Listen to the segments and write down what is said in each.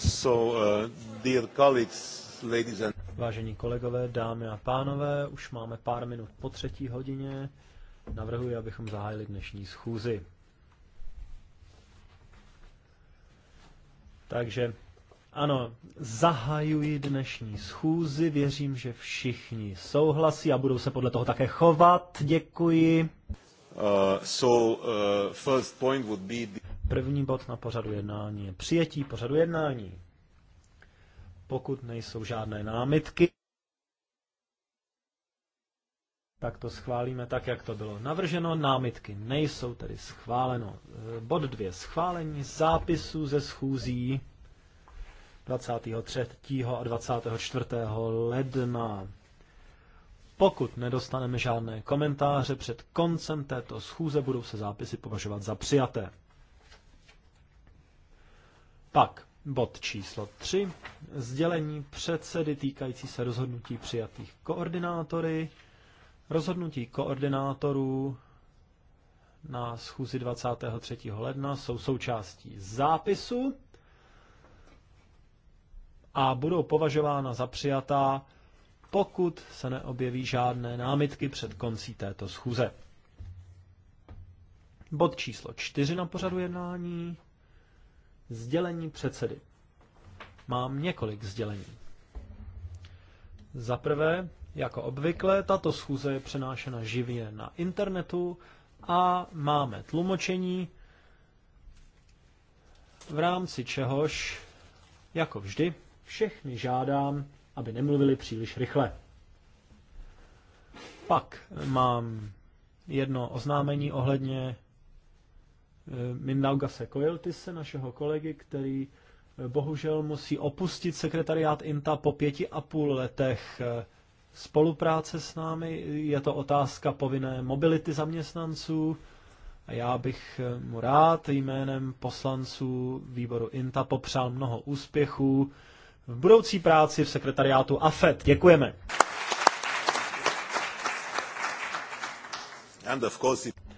So, uh, dear colleagues, ladies and... Vážení kolegové, dámy a pánové, už máme pár minut po třetí hodině. Navrhuji, abychom zahájili dnešní schůzi. Takže ano, zahajuji dnešní schůzi, věřím, že všichni souhlasí a budou se podle toho také chovat. Děkuji. Uh, so, uh, first point would be the... První bod na pořadu jednání je přijetí pořadu jednání. Pokud nejsou žádné námitky, tak to schválíme tak, jak to bylo navrženo. Námitky nejsou tedy schváleno. Bod 2. Schválení zápisu ze schůzí 23. a 24. ledna. Pokud nedostaneme žádné komentáře před koncem této schůze, budou se zápisy považovat za přijaté. Pak bod číslo 3. Sdělení předsedy týkající se rozhodnutí přijatých koordinátory. Rozhodnutí koordinátorů na schůzi 23. ledna jsou součástí zápisu a budou považována za přijatá, pokud se neobjeví žádné námitky před koncí této schůze. Bod číslo 4 na pořadu jednání Sdělení předsedy. Mám několik sdělení. Za prvé, jako obvykle, tato schůze je přenášena živě na internetu a máme tlumočení, v rámci čehož, jako vždy, všechny žádám, aby nemluvili příliš rychle. Pak mám jedno oznámení ohledně Eh, Mindaugase Kojeltise, našeho kolegy, který eh, bohužel musí opustit sekretariát INTA po pěti a půl letech eh, spolupráce s námi. Je to otázka povinné mobility zaměstnanců a já bych mu rád jménem poslanců výboru INTA popřál mnoho úspěchů v budoucí práci v sekretariátu AFET. Děkujeme. And of course it...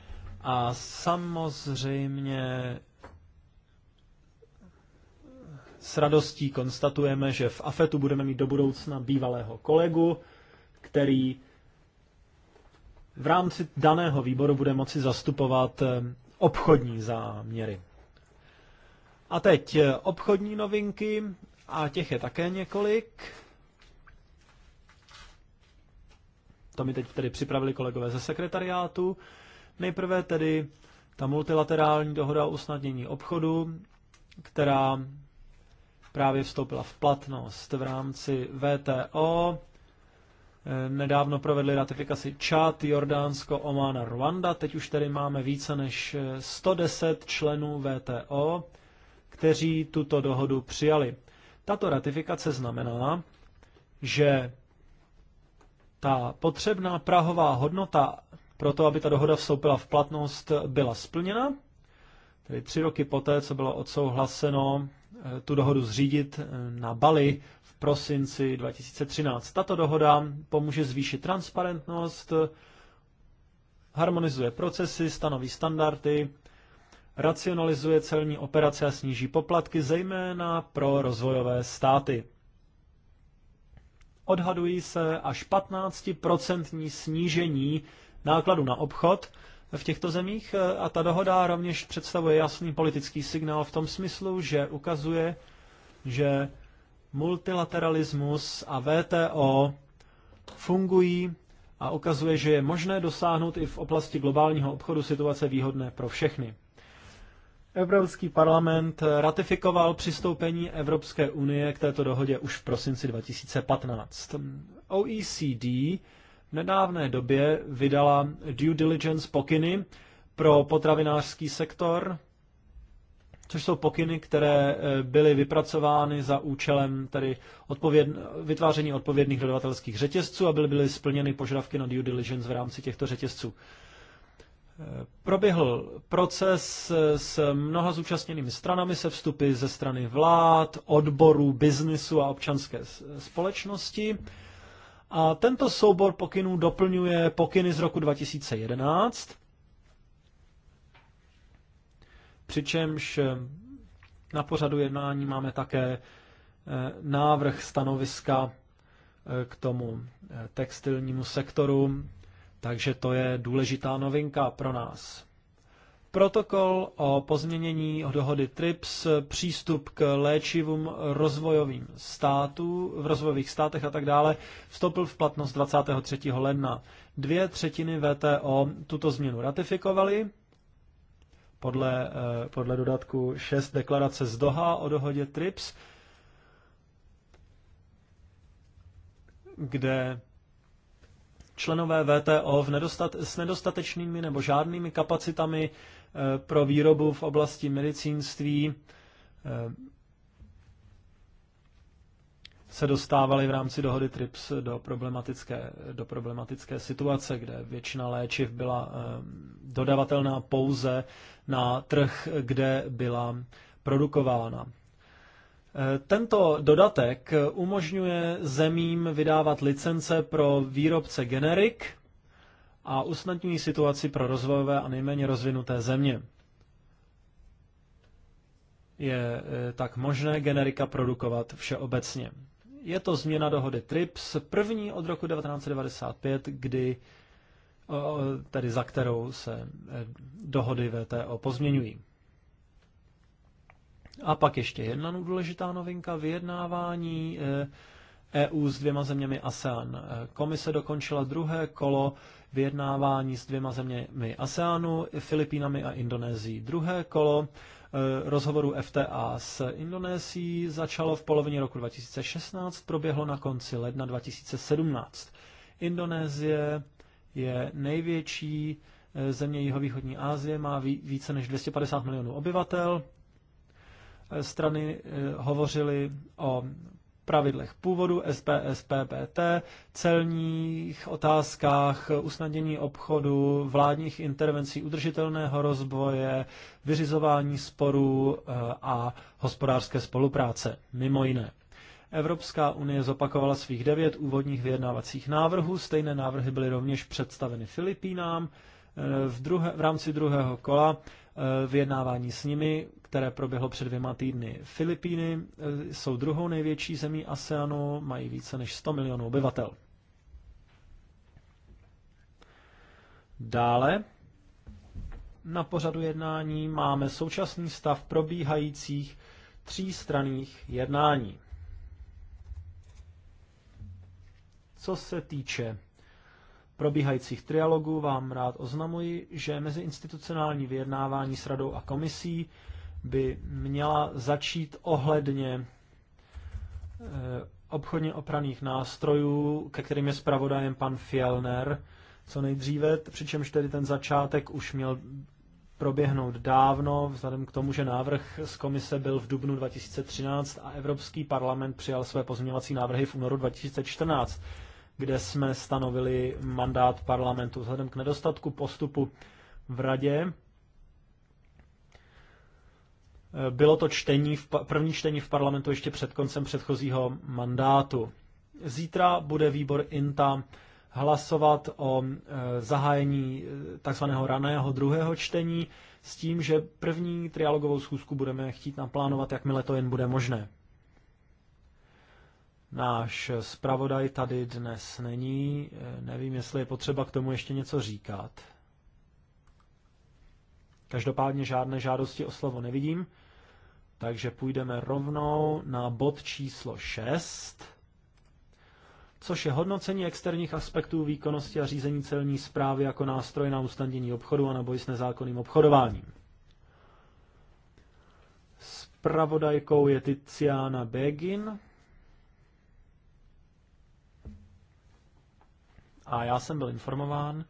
A samozřejmě s radostí konstatujeme, že v AFETu budeme mít do budoucna bývalého kolegu, který v rámci daného výboru bude moci zastupovat eh, obchodní záměry. A teď eh, obchodní novinky, a těch je také několik. To mi teď tedy připravili kolegové ze sekretariátu. Nejprve tedy ta multilaterální dohoda o usnadnění obchodu, která právě vstoupila v platnost v rámci VTO. Nedávno provedli ratifikaci Čad, Jordánsko, Oman a Rwanda. Teď už tedy máme více než 110 členů VTO, kteří tuto dohodu přijali. Tato ratifikace znamená, že ta potřebná prahová hodnota pro to, aby ta dohoda vstoupila v platnost, byla splněna. Tedy tři roky poté, co bylo odsouhlaseno eh, tu dohodu zřídit eh, na Bali v prosinci 2013. Tato dohoda pomůže zvýšit transparentnost, harmonizuje procesy, stanoví standardy, racionalizuje celní operace a sníží poplatky, zejména pro rozvojové státy. Odhadují se až 15% snížení nákladu na obchod v těchto zemích e, a ta dohoda rovněž představuje jasný politický signál v tom smyslu, že ukazuje, že multilateralismus a VTO fungují a ukazuje, že je možné dosáhnout i v oblasti globálního obchodu situace výhodné pro všechny. Evropský parlament ratifikoval přistoupení Evropské unie k této dohodě už v prosinci 2015. OECD nedávné době vydala due diligence pokyny pro potravinářský sektor, což jsou pokyny, které eh, byly vypracovány za účelem tedy odpověd, vytváření odpovědných dodavatelských řetězců a byly, byly splněny požadavky na due diligence v rámci těchto řetězců. Eh, proběhl proces eh, s mnoha zúčastněnými stranami, se vstupy ze strany vlád, odborů, biznisu a občanské společnosti. A tento soubor pokynů doplňuje pokyny z roku 2011, přičemž na pořadu jednání máme také eh, návrh stanoviska eh, k tomu eh, textilnímu sektoru, takže to je důležitá novinka pro nás. Protokol o pozměnění dohody TRIPS, přístup k léčivům rozvojovým států, v rozvojových státech a tak dále, vstoupil v platnost 23. ledna. Dvě třetiny VTO tuto změnu ratifikovaly, podle, eh, podle dodatku 6 deklarace z Doha o dohodě TRIPS, kde členové VTO v nedostat, s nedostatečnými nebo žádnými kapacitami Eh, pro výrobu v oblasti medicínství eh, se dostávaly v rámci dohody TRIPS do problematické, do problematické situace, kde většina léčiv byla eh, dodavatelná pouze na trh, kde byla produkována. Tento dodatek umožňuje zemím vydávat licence pro výrobce generik, a usnadňují situaci pro rozvojové a nejméně rozvinuté země. Je e, tak možné generika produkovat všeobecně. Je to změna dohody TRIPS, první od roku 1995, kdy tedy za kterou se e, dohody VTO pozměňují. A pak ještě jedna důležitá novinka, vyjednávání EU e s dvěma zeměmi ASEAN. Komise dokončila druhé kolo vyjednávání s dvěma zeměmi ASEANu, Filipínami a Indonésií. Druhé kolo eh, rozhovoru FTA s Indonésií začalo v polovině roku 2016, proběhlo na konci ledna 2017. Indonésie je největší eh, země jihovýchodní Asie, má více než 250 milionů obyvatel. Eh, strany hovořily o pravidlech původu, SPS, PPT, celních otázkách, usnadnění obchodu, vládních intervencí udržitelného rozvoje, vyřizování sporů eh, a hospodářské spolupráce, mimo jiné. Evropská unie zopakovala svých devět úvodních vyjednávacích návrhů, stejné návrhy byly rovněž představeny Filipínám eh, v, druhé, v rámci druhého kola eh, vyjednávání s nimi, které proběhlo před dvěma týdny. Filipíny eh, jsou druhou největší zemí ASEANu, mají více než 100 milionů obyvatel. Dále na pořadu jednání máme současný stav probíhajících třístraných jednání. Co se týče probíhajících trialogů vám rád oznamuji, že mezi institucionální vyjednávání s radou a komisí by měla začít ohledně eh, obchodně opraných nástrojů, ke kterým je zpravodajem pan Fjellner, co nejdříve, přičemž tedy ten začátek už měl proběhnout dávno, vzhledem k tomu, že návrh z komise byl v dubnu 2013 a Evropský parlament přijal své pozměňovací návrhy v únoru 2014, kde jsme stanovili mandát parlamentu. Vzhledem k nedostatku postupu v radě bylo to čtení v, první čtení v parlamentu ještě před koncem předchozího mandátu. Zítra bude výbor INTA hlasovat o e, zahájení e, takzvaného raného druhého čtení s tím, že první trialogovou schůzku budeme chtít naplánovat, jakmile to jen bude možné. Náš zpravodaj tady dnes není. E, nevím, jestli je potřeba k tomu ještě něco říkat. Každopádně žádné žádosti o slovo nevidím. Takže půjdeme rovnou na bod číslo 6, což je hodnocení externích aspektů výkonnosti a řízení celní zprávy jako nástroj na usnadnění obchodu a na boj s nezákonným obchodováním. Spravodajkou je Tiziana Begin. A já jsem byl informován,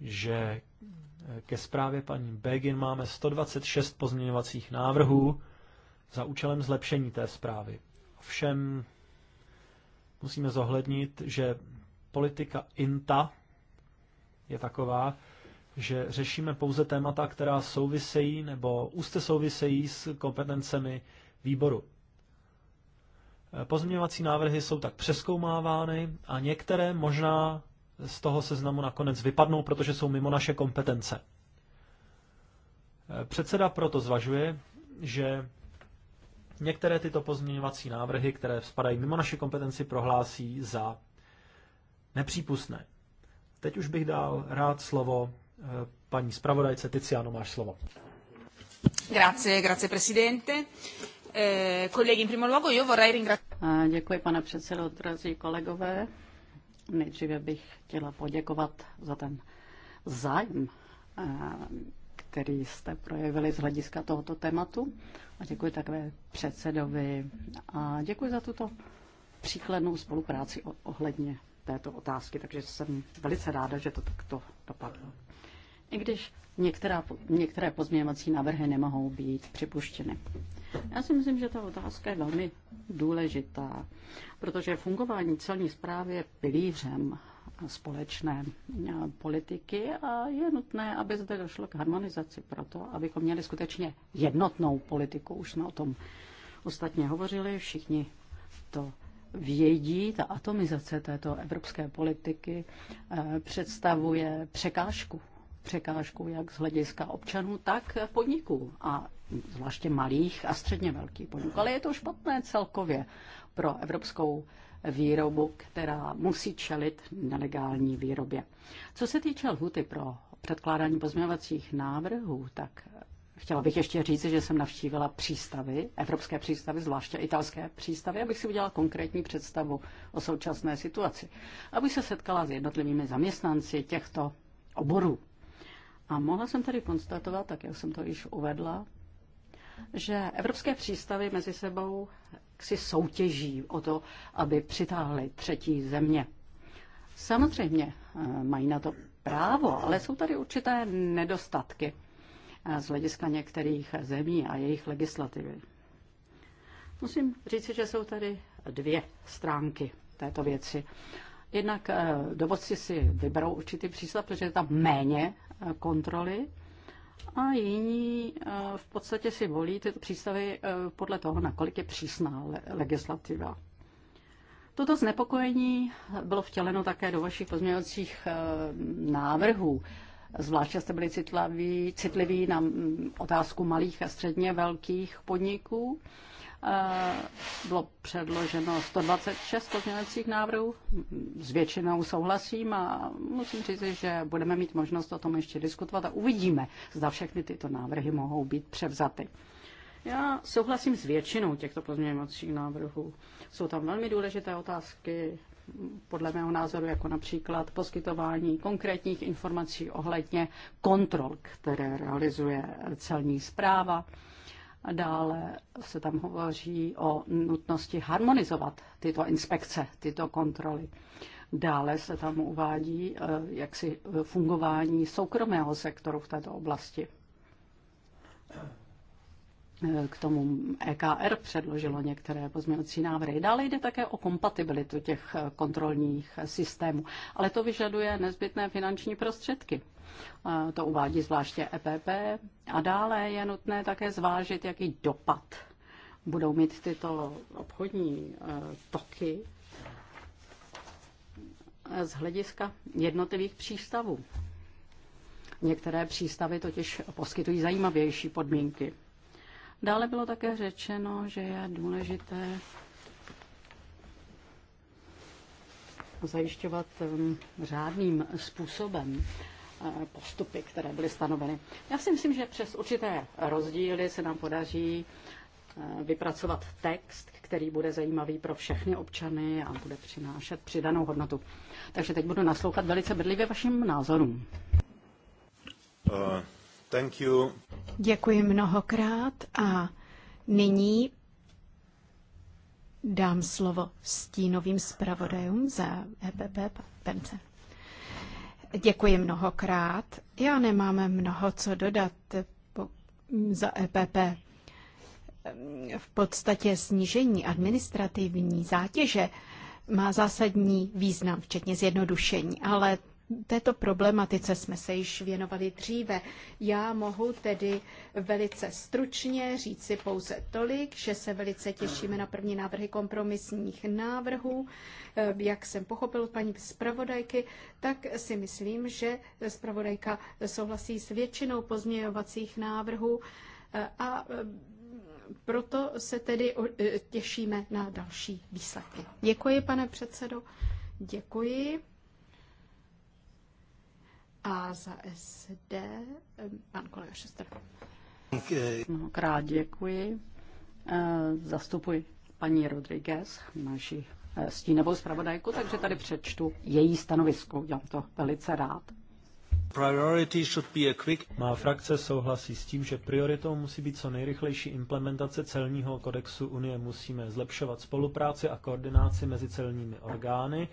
že ke zprávě paní Begin máme 126 pozměňovacích návrhů za účelem zlepšení té zprávy. Ovšem musíme zohlednit, že politika INTA je taková, že řešíme pouze témata, která souvisejí nebo úzce souvisejí s kompetencemi výboru. Pozměňovací návrhy jsou tak přeskoumávány a některé možná z toho seznamu nakonec vypadnou, protože jsou mimo naše kompetence. Eh, předseda proto zvažuje, že některé tyto pozměňovací návrhy, které spadají mimo naše kompetenci, prohlásí za nepřípustné. Teď už bych dal rád slovo eh, paní zpravodajce Tiziano, máš slovo. Grazie, grazie presidente. Eh, colleghi, in primo luogo io vorrei ringraziare... Eh, děkuji, pane předsedo, drazí kolegové. Nejdříve bych chtěla poděkovat za ten zájem, eh, který jste projevili z hlediska tohoto tématu. A děkuji také předsedovi a děkuji za tuto příkladnou spolupráci ohledně této otázky, takže jsem velice ráda, že to takto dopadlo i když některá, některé pozměňovací návrhy nemohou být připuštěny. Já si myslím, že ta otázka je velmi důležitá, protože fungování celní zprávy je pilířem společné eh, politiky a je nutné, aby zde došlo k harmonizaci proto, abychom měli skutečně jednotnou politiku. Už jsme o tom ostatně hovořili, všichni to vědí, ta atomizace této evropské politiky eh, představuje překážku překážkou jak z hlediska občanů, tak podniků a zvláště malých a středně velkých podniků. Ale je to špatné celkově pro evropskou výrobu, která musí čelit nelegální výrobě. Co se týče lhuty pro předkládání pozměňovacích návrhů, tak Chtěla bych ještě říct, že jsem navštívila přístavy, evropské přístavy, zvláště italské přístavy, abych si udělala konkrétní představu o současné situaci. Aby se setkala s jednotlivými zaměstnanci těchto oborů. A mohla jsem tady konstatovat, tak jak jsem to již uvedla, že evropské přístavy mezi sebou si soutěží o to, aby přitáhly třetí země. Samozřejmě eh, mají na to právo, ale jsou tady určité nedostatky eh, z hlediska některých zemí a jejich legislativy. Musím říct, že jsou tady dvě stránky této věci. Jednak eh, dovodci si vyberou určitý přístav, protože je tam méně Eh, kontroly a jiní eh, v podstatě si volí tyto přístavy eh, podle toho, nakolik je přísná legislativa. Toto znepokojení bylo vtěleno také do vašich pozměňovacích návrhů. Zvláště jste byli citlaví, citliví na mm, otázku malých a středně velkých podniků. Eh, bylo předloženo 126 pozměňovacích návrhů, s většinou souhlasím a musím říct, že budeme mít možnost o tom ještě diskutovat a uvidíme, zda všechny tyto návrhy mohou být převzaty. Já souhlasím s většinou těchto pozměňovacích návrhů. Jsou tam velmi důležité otázky, podle mého názoru, jako například poskytování konkrétních informací ohledně kontrol, které realizuje celní zpráva. A dále se tam hovoří o nutnosti harmonizovat tyto inspekce, tyto kontroly. Dále se tam uvádí eh, jaksi eh, fungování soukromého sektoru v této oblasti. Eh, k tomu EKR předložilo některé pozměňovací návrhy. Dále jde také o kompatibilitu těch kontrolních systémů, ale to vyžaduje nezbytné finanční prostředky to uvádí zvláště EPP. A dále je nutné také zvážit, jaký dopad budou mít tyto obchodní e, toky z hlediska jednotlivých přístavů. Některé přístavy totiž poskytují zajímavější podmínky. Dále bylo také řečeno, že je důležité zajišťovat řádným způsobem postupy, které byly stanoveny. Já si myslím, že přes určité rozdíly se nám podaří eh, vypracovat text, který bude zajímavý pro všechny občany a bude přinášet přidanou hodnotu. Takže teď budu naslouchat velice bedlivě vašim názorům. Uh, thank you. Děkuji mnohokrát a nyní dám slovo stínovým zpravodajům za EPP Pence. Děkuji mnohokrát. Já nemám mnoho co dodat za EPP. V podstatě snížení administrativní zátěže má zásadní význam, včetně zjednodušení, ale této problematice jsme se již věnovali dříve. Já mohu tedy velice stručně říci pouze tolik, že se velice těšíme na první návrhy kompromisních návrhů. Eh, jak jsem pochopil paní zpravodajky, tak si myslím, že zpravodajka souhlasí s většinou pozměňovacích návrhů eh, a eh, proto se tedy těšíme na další výsledky. Děkuji, pane předsedo. Děkuji. A za SD pan kolega Šester. Mnohokrát děkuji. E, zastupuji paní Rodriguez, naši e, stínovou zpravodajku, takže tady přečtu její stanovisko. Udělám to velice rád. Quick... Má frakce souhlasí s tím, že prioritou musí být co nejrychlejší implementace celního kodexu Unie. Musíme zlepšovat spolupráci a koordinaci mezi celními orgány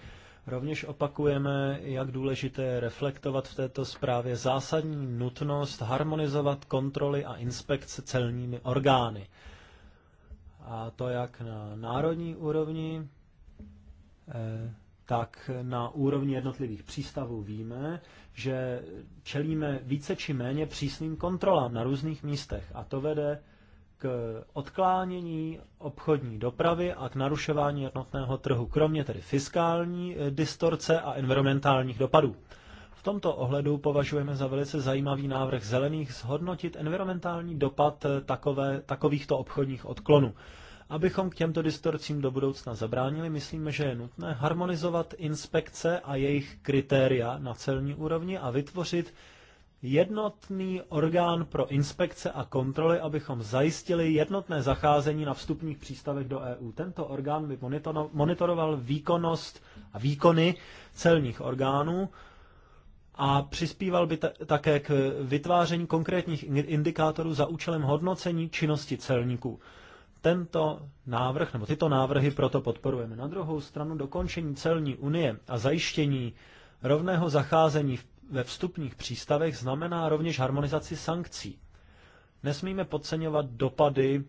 Rovněž opakujeme, jak důležité je reflektovat v této zprávě zásadní nutnost harmonizovat kontroly a inspekce celními orgány. A to jak na národní úrovni, eh, tak na úrovni jednotlivých přístavů víme, že čelíme více či méně přísným kontrolám na různých místech. A to vede k odklánění obchodní dopravy a k narušování jednotného trhu, kromě tedy fiskální eh, distorce a environmentálních dopadů. V tomto ohledu považujeme za velice zajímavý návrh zelených zhodnotit environmentální dopad eh, takové, takovýchto obchodních odklonů. Abychom k těmto distorcím do budoucna zabránili, myslíme, že je nutné harmonizovat inspekce a jejich kritéria na celní úrovni a vytvořit jednotný orgán pro inspekce a kontroly, abychom zajistili jednotné zacházení na vstupních přístavech do EU. Tento orgán by monitoroval výkonnost a výkony celních orgánů a přispíval by také k vytváření konkrétních indikátorů za účelem hodnocení činnosti celníků. Tento návrh, nebo tyto návrhy proto podporujeme. Na druhou stranu dokončení celní unie a zajištění rovného zacházení v ve vstupních přístavech znamená rovněž harmonizaci sankcí. Nesmíme podceňovat dopady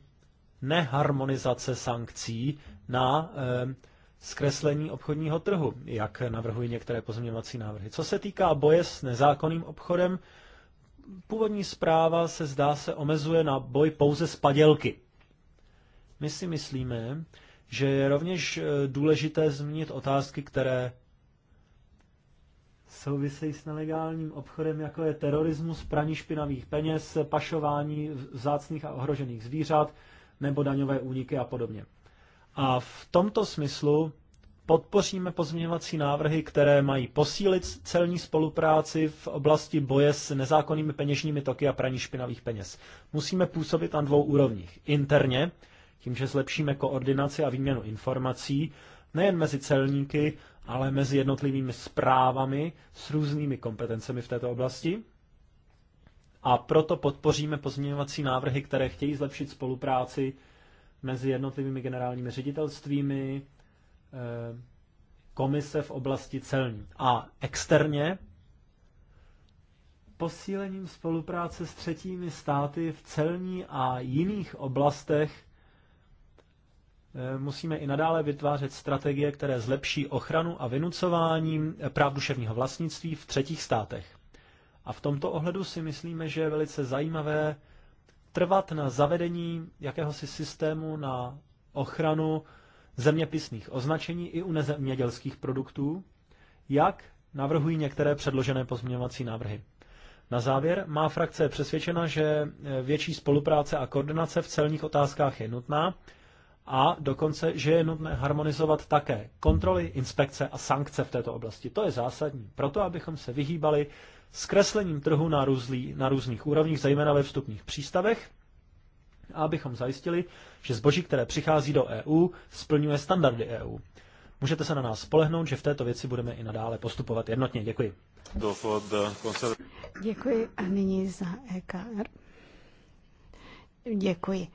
neharmonizace sankcí na eh, zkreslení obchodního trhu, jak navrhují některé pozměňovací návrhy. Co se týká boje s nezákonným obchodem, původní zpráva se zdá se omezuje na boj pouze s padělky. My si myslíme, že je rovněž eh, důležité zmínit otázky, které souvisejí s nelegálním obchodem, jako je terorismus, praní špinavých peněz, pašování vzácných a ohrožených zvířat nebo daňové úniky a podobně. A v tomto smyslu podpoříme pozměňovací návrhy, které mají posílit celní spolupráci v oblasti boje s nezákonnými peněžními toky a praní špinavých peněz. Musíme působit na dvou úrovních. Interně, tím, že zlepšíme koordinaci a výměnu informací, nejen mezi celníky, ale mezi jednotlivými zprávami s různými kompetencemi v této oblasti. A proto podpoříme pozměňovací návrhy, které chtějí zlepšit spolupráci mezi jednotlivými generálními ředitelstvími, eh, komise v oblasti celní. A externě posílením spolupráce s třetími státy v celní a jiných oblastech Eh, musíme i nadále vytvářet strategie, které zlepší ochranu a vynucování eh, práv duševního vlastnictví v třetích státech. A v tomto ohledu si myslíme, že je velice zajímavé trvat na zavedení jakéhosi systému na ochranu zeměpisných označení i u nezemědělských produktů, jak navrhují některé předložené pozměňovací návrhy. Na závěr má frakce přesvědčena, že eh, větší spolupráce a koordinace v celních otázkách je nutná, a dokonce, že je nutné harmonizovat také kontroly, inspekce a sankce v této oblasti. To je zásadní, proto abychom se vyhýbali zkreslením trhu na, různý, na různých úrovních, zejména ve vstupních přístavech, a abychom zajistili, že zboží, které přichází do EU, splňuje standardy EU. Můžete se na nás spolehnout, že v této věci budeme i nadále postupovat jednotně. Děkuji. Děkuji a nyní za EKR. Děkuji.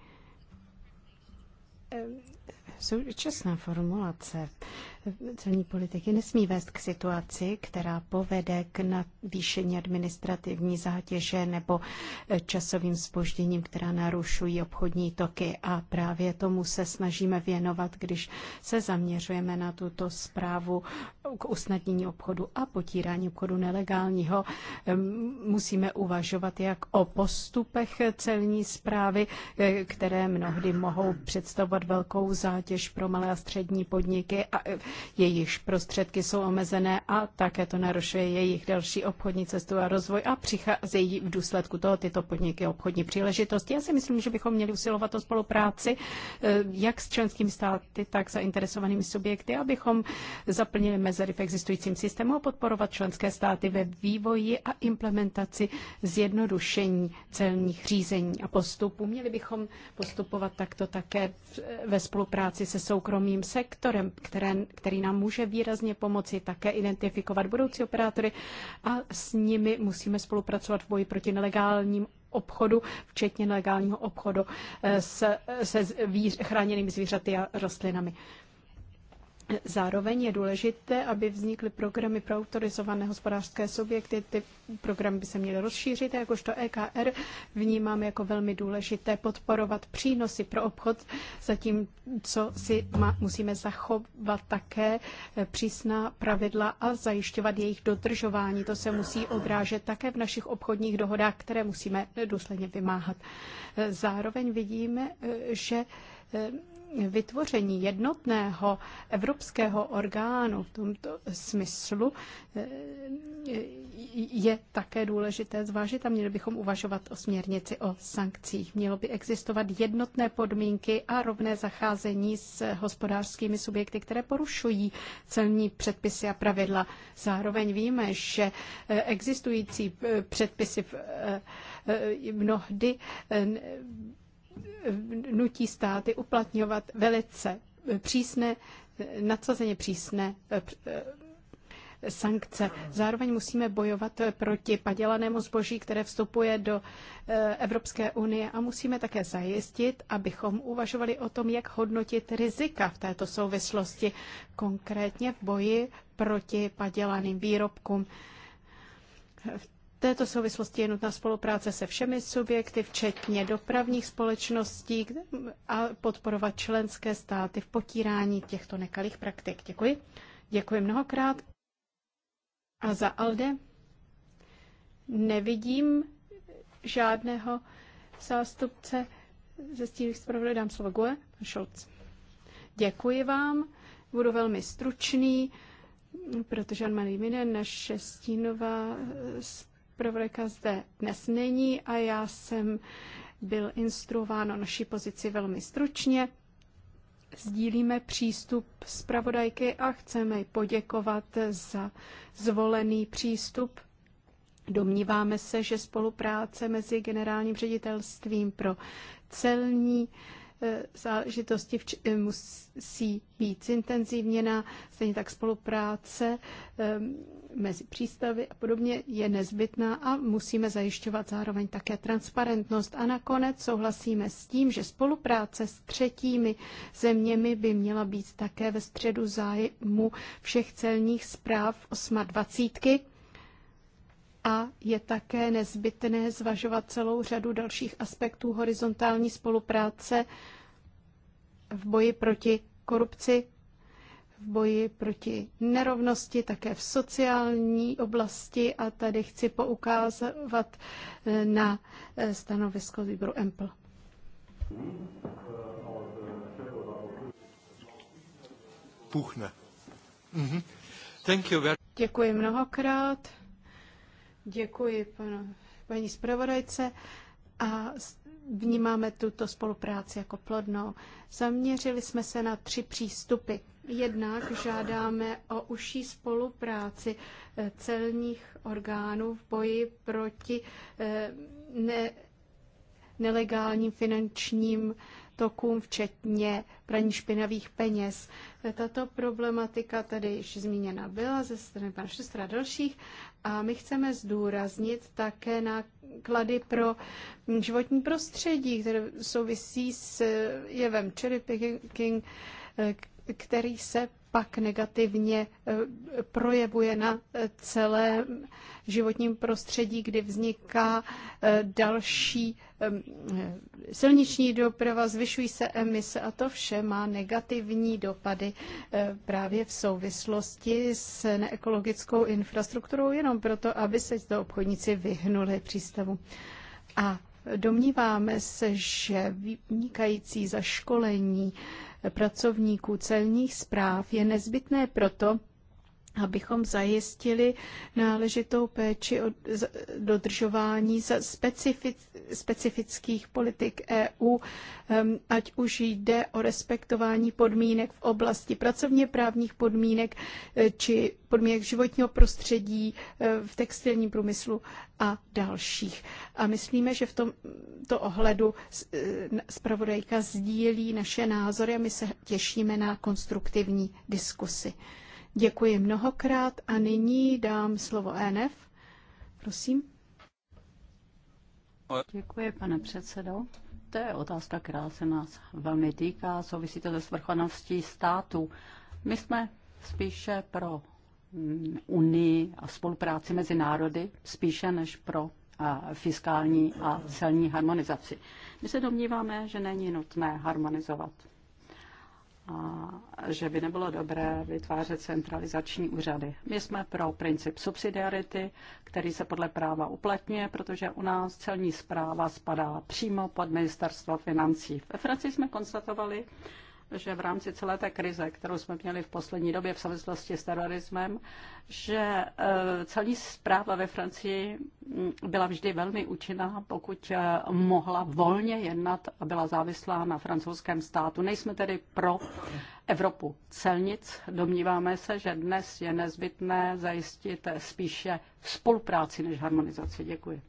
Současná formulace celní politiky nesmí vést k situaci, která povede k navýšení administrativní zátěže nebo eh, časovým spožděním, která narušují obchodní toky. A právě tomu se snažíme věnovat, když se zaměřujeme na tuto zprávu eh, k usnadnění obchodu a potírání obchodu nelegálního. Eh, musíme uvažovat jak o postupech celní zprávy, které mnohdy mohou představovat velkou zátěž pro malé a střední podniky a jejichž prostředky jsou omezené a také to narušuje jejich další obchodní cestu a rozvoj a přicházejí v důsledku toho tyto podniky obchodní příležitosti. Já si myslím, že bychom měli usilovat o spolupráci eh, jak s členskými státy, tak zainteresovanými subjekty, abychom zaplnili mezery v existujícím systému a podporovat členské státy ve vývoji a implementaci zjednodušení celních řízení a postupů. Měli bychom postupovat takto také ve spolupráci se soukromým sektorem, které, který nám může výrazně pomoci také identifikovat budoucí operátory a s nimi musíme spolupracovat v boji proti nelegálním obchodu, včetně nelegálního obchodu eh, se, se zvíř, chráněnými zvířaty a rostlinami. Zároveň je důležité, aby vznikly programy pro autorizované hospodářské subjekty. Ty programy by se měly rozšířit a jakožto EKR vnímám jako velmi důležité podporovat přínosy pro obchod, zatímco si ma, musíme zachovat také eh, přísná pravidla a zajišťovat jejich dodržování. To se musí odrážet také v našich obchodních dohodách, které musíme důsledně vymáhat. Eh, zároveň vidíme, eh, že vytvoření jednotného evropského orgánu v tomto smyslu eh, je také důležité zvážit a měli bychom uvažovat o směrnici o sankcích. Mělo by existovat jednotné podmínky a rovné zacházení s hospodářskými subjekty, které porušují celní předpisy a pravidla. Zároveň víme, že eh, existující eh, předpisy mnohdy nutí státy uplatňovat velice přísné, nadsazeně přísné eh, eh, sankce. Zároveň musíme bojovat proti padělanému zboží, které vstupuje do eh, Evropské unie a musíme také zajistit, abychom uvažovali o tom, jak hodnotit rizika v této souvislosti, konkrétně v boji proti padělaným výrobkům. V této souvislosti je nutná spolupráce se všemi subjekty, včetně dopravních společností a podporovat členské státy v potírání těchto nekalých praktik. Děkuji. Děkuji mnohokrát. A za Alde nevidím žádného zástupce ze stínových zpravodaj. Dám slovo Gue, Šolc. Děkuji vám. Budu velmi stručný protože Anna Minen, naše stínová Pravodajka zde dnes není a já jsem byl instruován o naší pozici velmi stručně. Sdílíme přístup zpravodajky a chceme jí poděkovat za zvolený přístup. Domníváme se, že spolupráce mezi generálním ředitelstvím pro celní eh, záležitosti eh, musí být intenzivněna, stejně tak spolupráce ehm, mezi přístavy a podobně je nezbytná a musíme zajišťovat zároveň také transparentnost. A nakonec souhlasíme s tím, že spolupráce s třetími zeměmi by měla být také ve středu zájmu všech celních zpráv 820 a je také nezbytné zvažovat celou řadu dalších aspektů horizontální spolupráce v boji proti korupci, v boji proti nerovnosti, také v sociální oblasti a tady chci poukázat eh, na eh, stanovisko výboru EMPL. Puchne. Mm-hmm. Thank you very... Děkuji mnohokrát. Děkuji panu, paní zpravodajce a vnímáme tuto spolupráci jako plodnou. Zaměřili jsme se na tři přístupy – Jednak žádáme o užší spolupráci eh, celních orgánů v boji proti eh, ne, nelegálním finančním tokům, včetně praní špinavých peněz. Eh, tato problematika tady již zmíněna byla ze strany pana Šestra a dalších a my chceme zdůraznit také náklady pro mm, životní prostředí, které souvisí s jevem cherry picking, který se pak negativně eh, projevuje na eh, celém životním prostředí, kdy vzniká eh, další silniční doprava, zvyšují se emise a to vše má negativní dopady právě v souvislosti s neekologickou infrastrukturou, jenom proto, aby se to obchodníci vyhnuli přístavu. A Domníváme se, že vynikající zaškolení pracovníků celních zpráv je nezbytné proto, abychom zajistili náležitou péči o dodržování specifických politik EU, ať už jde o respektování podmínek v oblasti pracovně právních podmínek e, či podmínek životního prostředí e, v textilním průmyslu a dalších. A myslíme, že v tomto ohledu e, zpravodajka sdílí naše názory a my se těšíme na konstruktivní diskusy. Děkuji mnohokrát a nyní dám slovo ENF. Prosím. Děkuji, pane předsedo. To je otázka, která se nás velmi týká. Souvisí to se svrchovaností státu. My jsme spíše pro mm, unii a spolupráci mezi národy, spíše než pro a fiskální a celní harmonizaci. My se domníváme, že není nutné harmonizovat a že by nebylo dobré vytvářet centralizační úřady. My jsme pro princip subsidiarity, který se podle práva uplatňuje, protože u nás celní zpráva spadá přímo pod ministerstvo financí. Ve Francii jsme konstatovali, že v rámci celé té krize, kterou jsme měli v poslední době v souvislosti s terorismem, že eh, celní zpráva ve Francii mm, byla vždy velmi účinná, pokud eh, mohla volně jednat a byla závislá na francouzském státu. Nejsme tedy pro Evropu celnic. Domníváme se, že dnes je nezbytné zajistit spíše spolupráci než harmonizaci. Děkuji.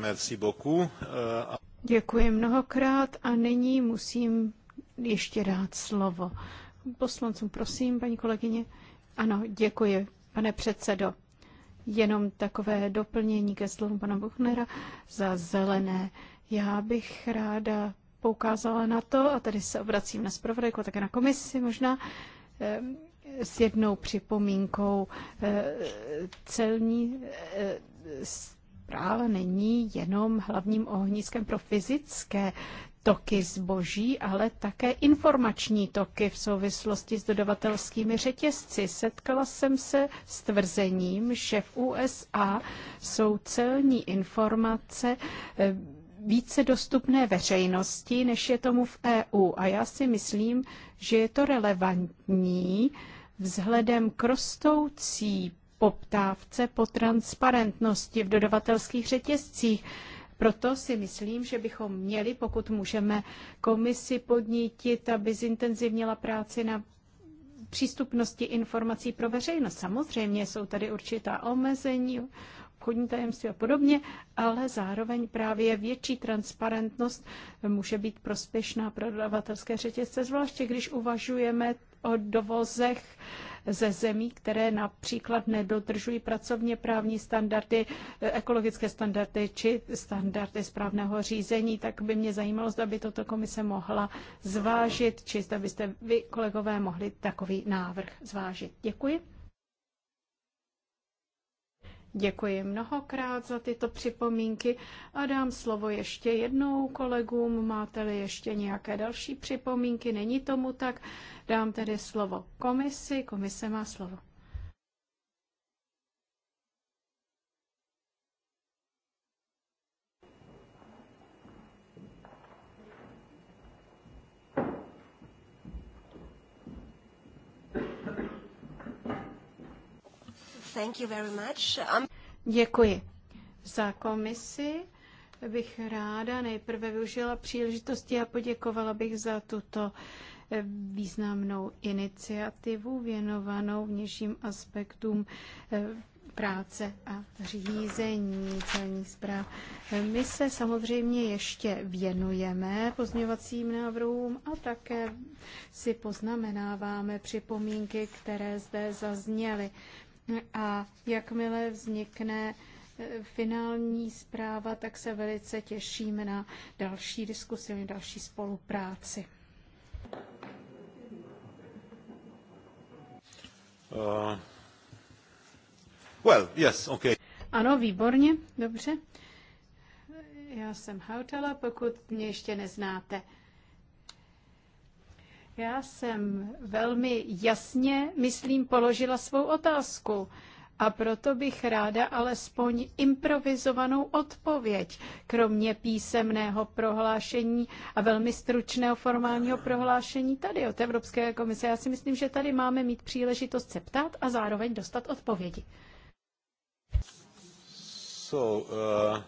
Merci beaucoup. Eh, Děkuji mnohokrát a nyní musím ještě rád slovo. Poslancům, prosím, paní kolegyně. Ano, děkuji, pane předsedo. Jenom takové doplnění ke slovu pana Buchnera za zelené. Já bych ráda poukázala na to, a tady se obracím na zpravodajku, také na komisi možná, eh, s jednou připomínkou eh, celní eh, prále není jenom hlavním ohniskem pro fyzické toky zboží, ale také informační toky v souvislosti s dodavatelskými řetězci. Setkala jsem se s tvrzením, že v USA jsou celní informace eh, více dostupné veřejnosti, než je tomu v EU. A já si myslím, že je to relevantní vzhledem k rostoucí poptávce po transparentnosti v dodavatelských řetězcích. Proto si myslím, že bychom měli, pokud můžeme, komisi podnítit, aby zintenzivnila práci na přístupnosti informací pro veřejnost. Samozřejmě jsou tady určitá omezení, obchodní tajemství a podobně, ale zároveň právě větší transparentnost může být prospěšná pro dodavatelské řetězce, zvláště když uvažujeme o dovozech ze zemí, které například nedodržují pracovně právní standardy, eh, ekologické standardy či standardy správného řízení, tak by mě zajímalo, zda by toto komise mohla zvážit, či zda byste vy, kolegové, mohli takový návrh zvážit. Děkuji. Děkuji mnohokrát za tyto připomínky a dám slovo ještě jednou kolegům. Máte-li ještě nějaké další připomínky? Není tomu tak. Dám tedy slovo komisi. Komise má slovo. Thank you very much. Um... Děkuji. Za komisi bych ráda nejprve využila příležitosti a poděkovala bych za tuto eh, významnou iniciativu věnovanou vnějším aspektům eh, práce a řízení celních zpráv. My se samozřejmě ještě věnujeme pozměvacím návrhům a také si poznamenáváme připomínky, které zde zazněly. A jakmile vznikne eh, finální zpráva, tak se velice těšíme na další diskusi, na další spolupráci. Uh, well, yes, okay. Ano, výborně, dobře. Já jsem Hautala, pokud mě ještě neznáte. Já jsem velmi jasně, myslím, položila svou otázku. A proto bych ráda alespoň improvizovanou odpověď, kromě písemného prohlášení a velmi stručného formálního prohlášení tady od Evropské komise. Já si myslím, že tady máme mít příležitost se ptát a zároveň dostat odpovědi. So, uh,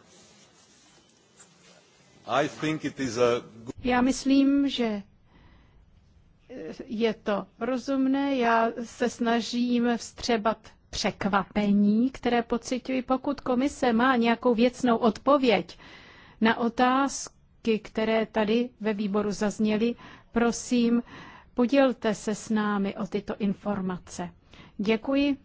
I think it is a... Já myslím, že je to rozumné, já se snažím vstřebat překvapení, které pocituji, pokud komise má nějakou věcnou odpověď na otázky, které tady ve výboru zazněly, prosím, podělte se s námi o tyto informace. Děkuji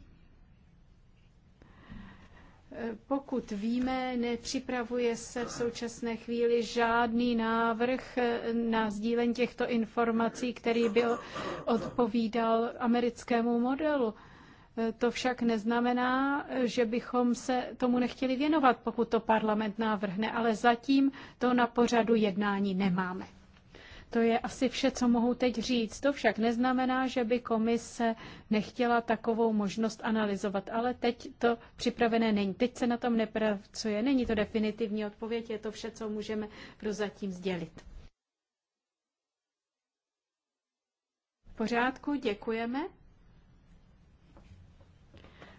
pokud víme, nepřipravuje se v současné chvíli žádný návrh na sdílení těchto informací, který by odpovídal americkému modelu. To však neznamená, že bychom se tomu nechtěli věnovat, pokud to parlament návrhne, ale zatím to na pořadu jednání nemáme. To je asi vše, co mohu teď říct. To však neznamená, že by komise nechtěla takovou možnost analyzovat, ale teď to připravené není. Teď se na tom nepracuje. Není to definitivní odpověď, je to vše, co můžeme prozatím sdělit. V pořádku, děkujeme.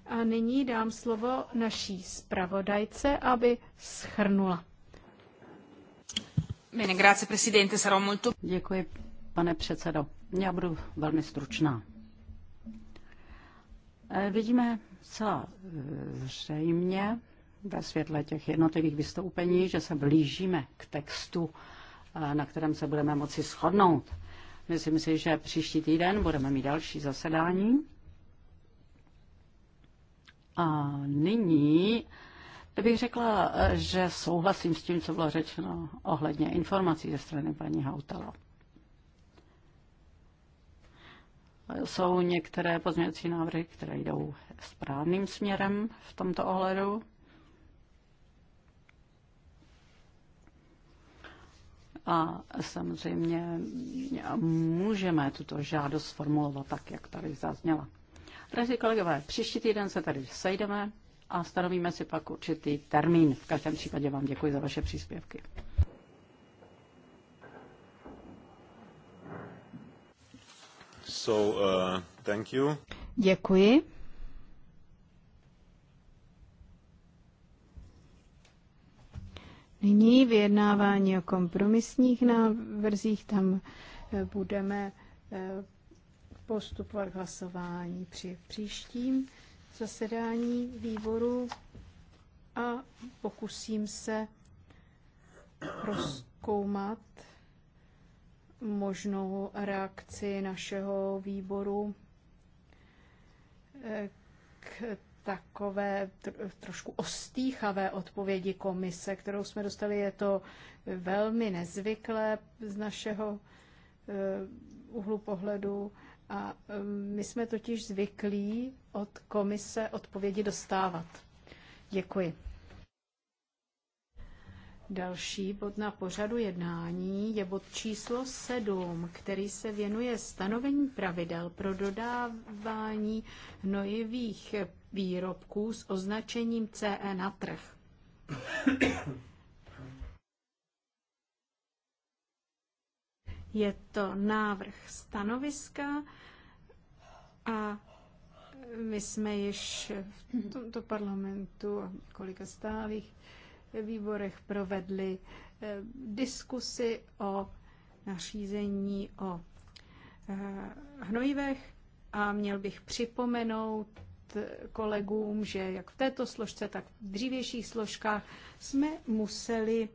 A nyní dám slovo naší zpravodajce, aby schrnula. Děkuji, pane předsedo. Já budu velmi stručná. Eh, vidíme celá eh, zřejmě ve světle těch jednotlivých vystoupení, že se blížíme k textu, eh, na kterém se budeme moci shodnout. Myslím si, že příští týden budeme mít další zasedání. A nyní Bych řekla, že souhlasím s tím, co bylo řečeno ohledně informací ze strany paní Hautala. Jsou některé pozměňovací návrhy, které jdou správným směrem v tomto ohledu. A samozřejmě můžeme tuto žádost formulovat tak, jak tady zazněla. Takže kolegové, příští týden se tady sejdeme a stanovíme si pak určitý termín. V každém případě vám děkuji za vaše příspěvky. So, uh, thank you. Děkuji. Nyní vyjednávání o kompromisních návrzích, tam eh, budeme eh, postupovat hlasování při příštím zasedání výboru a pokusím se rozkoumat možnou reakci našeho výboru eh, k takové trošku ostýchavé odpovědi komise, kterou jsme dostali. Je to velmi nezvyklé z našeho eh, úhlu pohledu. A eh, my jsme totiž zvyklí od komise odpovědi dostávat. Děkuji. Další bod na pořadu jednání je bod číslo 7, který se věnuje stanovení pravidel pro dodávání hnojivých výrobků s označením CE na trh. Je to návrh stanoviska a my jsme již v tomto parlamentu a kolika stálých výborech provedli eh, diskusy o nařízení o eh, hnojivech a měl bych připomenout eh, kolegům, že jak v této složce, tak v dřívějších složkách jsme museli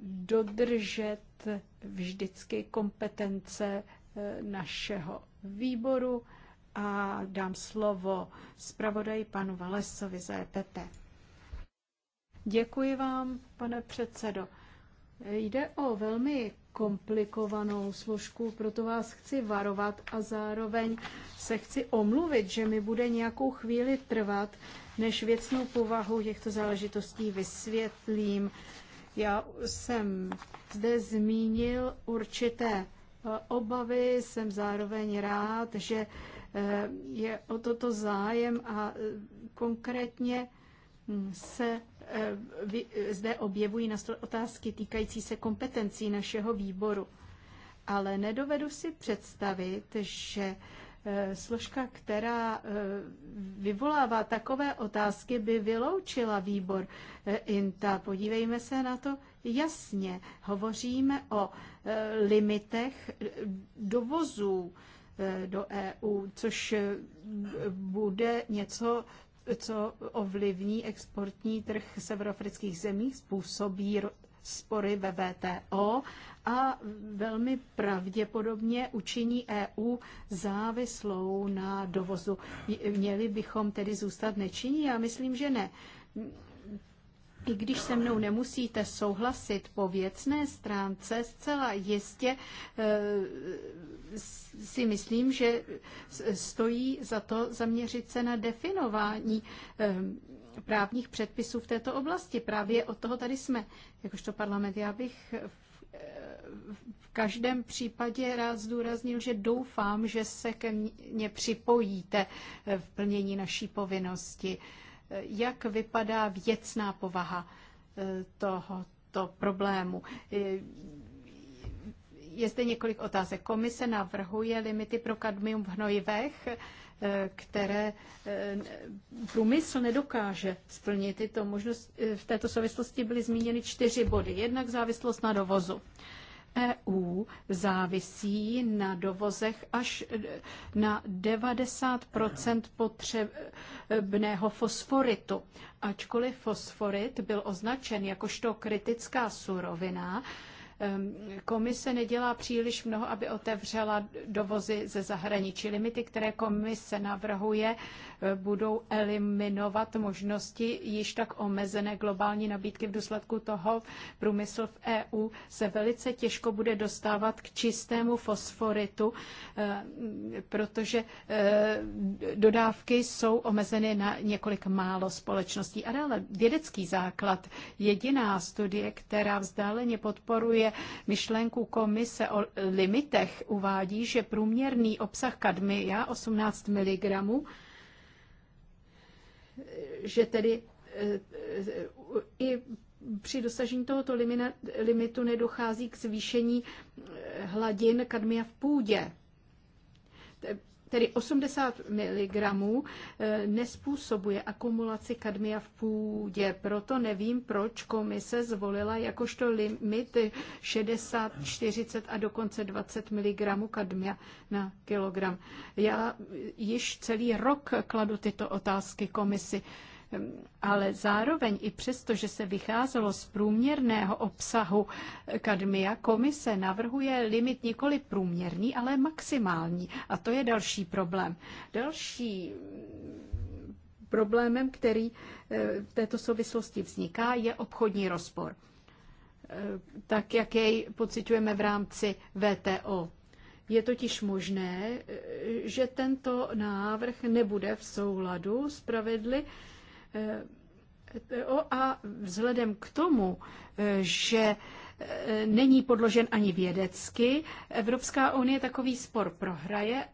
dodržet vždycky kompetence našeho výboru a dám slovo zpravodaji panu Valesovi za EPP. Děkuji vám, pane předsedo. Jde o velmi komplikovanou složku, proto vás chci varovat a zároveň se chci omluvit, že mi bude nějakou chvíli trvat, než věcnou povahu těchto záležitostí vysvětlím. Já jsem zde zmínil určité e, obavy, jsem zároveň rád, že je o toto zájem a konkrétně se eh, zde objevují na otázky týkající se kompetencí našeho výboru. Ale nedovedu si představit, že eh, složka, která eh, vyvolává takové otázky, by vyloučila výbor INTA. Podívejme se na to jasně. Hovoříme o limitech dovozů Eh, do EU, což eh, bude něco, co ovlivní exportní trh severoafrických zemí, způsobí spory ve VTO a velmi pravděpodobně učiní EU závislou na dovozu. Měli bychom tedy zůstat nečinní? Já myslím, že ne i když se mnou nemusíte souhlasit po věcné stránce, zcela jistě e, si myslím, že stojí za to zaměřit se na definování e, právních předpisů v této oblasti. Právě od toho tady jsme, jakožto parlament. Já bych e, v každém případě rád zdůraznil, že doufám, že se ke mně připojíte v plnění naší povinnosti jak vypadá věcná povaha eh, tohoto problému. Eh, je zde několik otázek. Komise navrhuje limity pro kadmium v hnojivech, eh, které průmysl nedokáže splnit. Tyto možnosti v této souvislosti byly zmíněny čtyři body. Jednak závislost na dovozu. EU závisí na dovozech až eh, na 90 potřebného fosforitu. Ačkoliv fosforit byl označen jakožto kritická surovina, Ehm, komise nedělá příliš mnoho, aby otevřela dovozy ze zahraničí. Limity, které komise navrhuje, eh, budou eliminovat možnosti již tak omezené globální nabídky. V důsledku toho průmysl v EU se velice těžko bude dostávat k čistému fosforitu, ehm, protože eh, dodávky jsou omezeny na několik málo společností. A dále vědecký základ. Jediná studie, která vzdáleně podporuje myšlenku komise o limitech, uvádí, že průměrný obsah kadmia 18 mg, že tedy e, e, e, i při dosažení tohoto limitu nedochází k zvýšení hladin kadmia v půdě tedy 80 mg eh, nespůsobuje akumulaci kadmia v půdě. Proto nevím, proč komise zvolila jakožto limit 60, 40 a dokonce 20 mg kadmia na kilogram. Já již celý rok kladu tyto otázky komisi ale zároveň i přesto, že se vycházelo z průměrného obsahu kadmia, komise navrhuje limit nikoli průměrný, ale maximální. A to je další problém. Další problémem, který eh, v této souvislosti vzniká, je obchodní rozpor. Eh, tak, jak jej pocitujeme v rámci VTO. Je totiž možné, eh, že tento návrh nebude v souladu s pravidly E, a vzhledem k tomu, e, že e, není podložen ani vědecky. Evropská unie takový spor prohraje,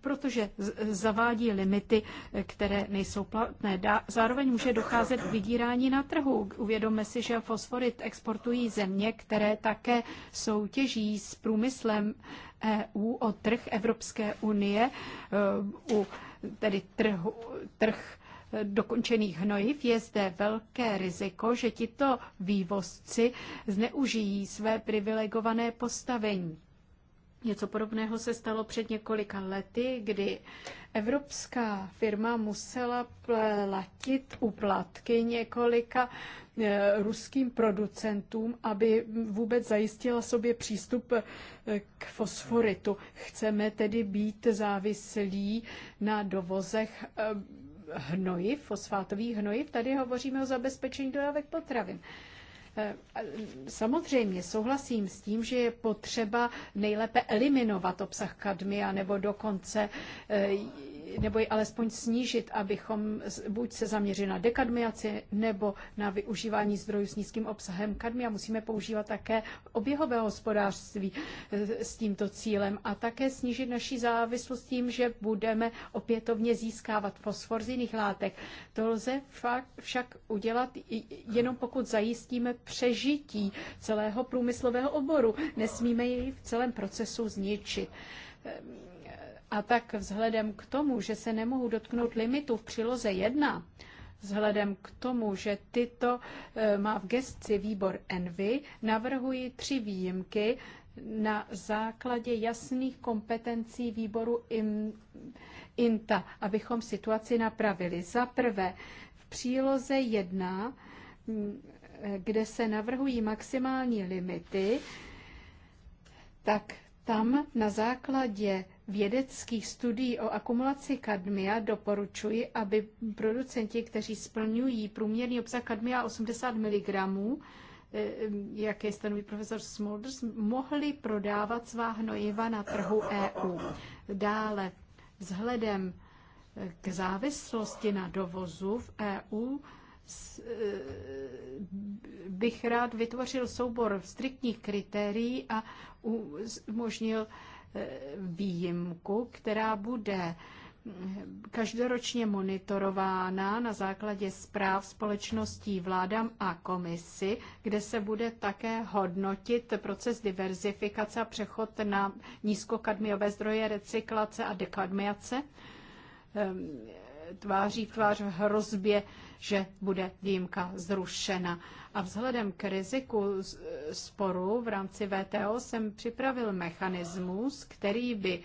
protože zavádí limity, které nejsou platné. Zároveň může docházet k vydírání na trhu. Uvědomme si, že fosforit exportují země, které také soutěží s průmyslem EU o trh Evropské unie, u tedy trhu, trh dokončených hnojiv je zde velké riziko, že tito vývozci zneužijí své privilegované postavení. Něco podobného se stalo před několika lety, kdy evropská firma musela platit uplatky několika eh, ruským producentům, aby vůbec zajistila sobě přístup eh, k fosforitu. Chceme tedy být závislí na dovozech eh, hnojiv, fosfátových hnojiv, tady hovoříme o zabezpečení dodávek potravin. Eh, samozřejmě souhlasím s tím, že je potřeba nejlépe eliminovat obsah kadmia nebo dokonce eh, nebo ji alespoň snížit, abychom buď se zaměřili na dekadmiaci nebo na využívání zdrojů s nízkým obsahem kadmia. Musíme používat také oběhové hospodářství eh, s tímto cílem a také snížit naší závislost tím, že budeme opětovně získávat fosfor z jiných látek. To lze však udělat jenom pokud zajistíme přežití celého průmyslového oboru. Nesmíme jej v celém procesu zničit ehm, a tak vzhledem k tomu, že se nemohu dotknout limitu v příloze 1, vzhledem k tomu, že tyto e, má v gestci výbor Envy, navrhuji tři výjimky na základě jasných kompetencí výboru INTA, abychom situaci napravili. Za prvé, v příloze 1, kde se navrhují maximální limity, tak tam na základě vědeckých studií o akumulaci kadmia doporučuji, aby producenti, kteří splňují průměrný obsah kadmia 80 mg, eh, jak je stanoví profesor Smulders, mohli prodávat svá hnojiva na trhu EU. Dále, vzhledem eh, k závislosti na dovozu v EU eh, bych rád vytvořil soubor striktních kritérií a umožnil výjimku, která bude každoročně monitorována na základě zpráv společností vládám a komisi, kde se bude také hodnotit proces diverzifikace a přechod na nízkokadmiové zdroje recyklace a dekadmiace ehm, tváří v tvář v hrozbě, že bude výjimka zrušena. A vzhledem k riziku sporu v rámci VTO jsem připravil mechanismus, který by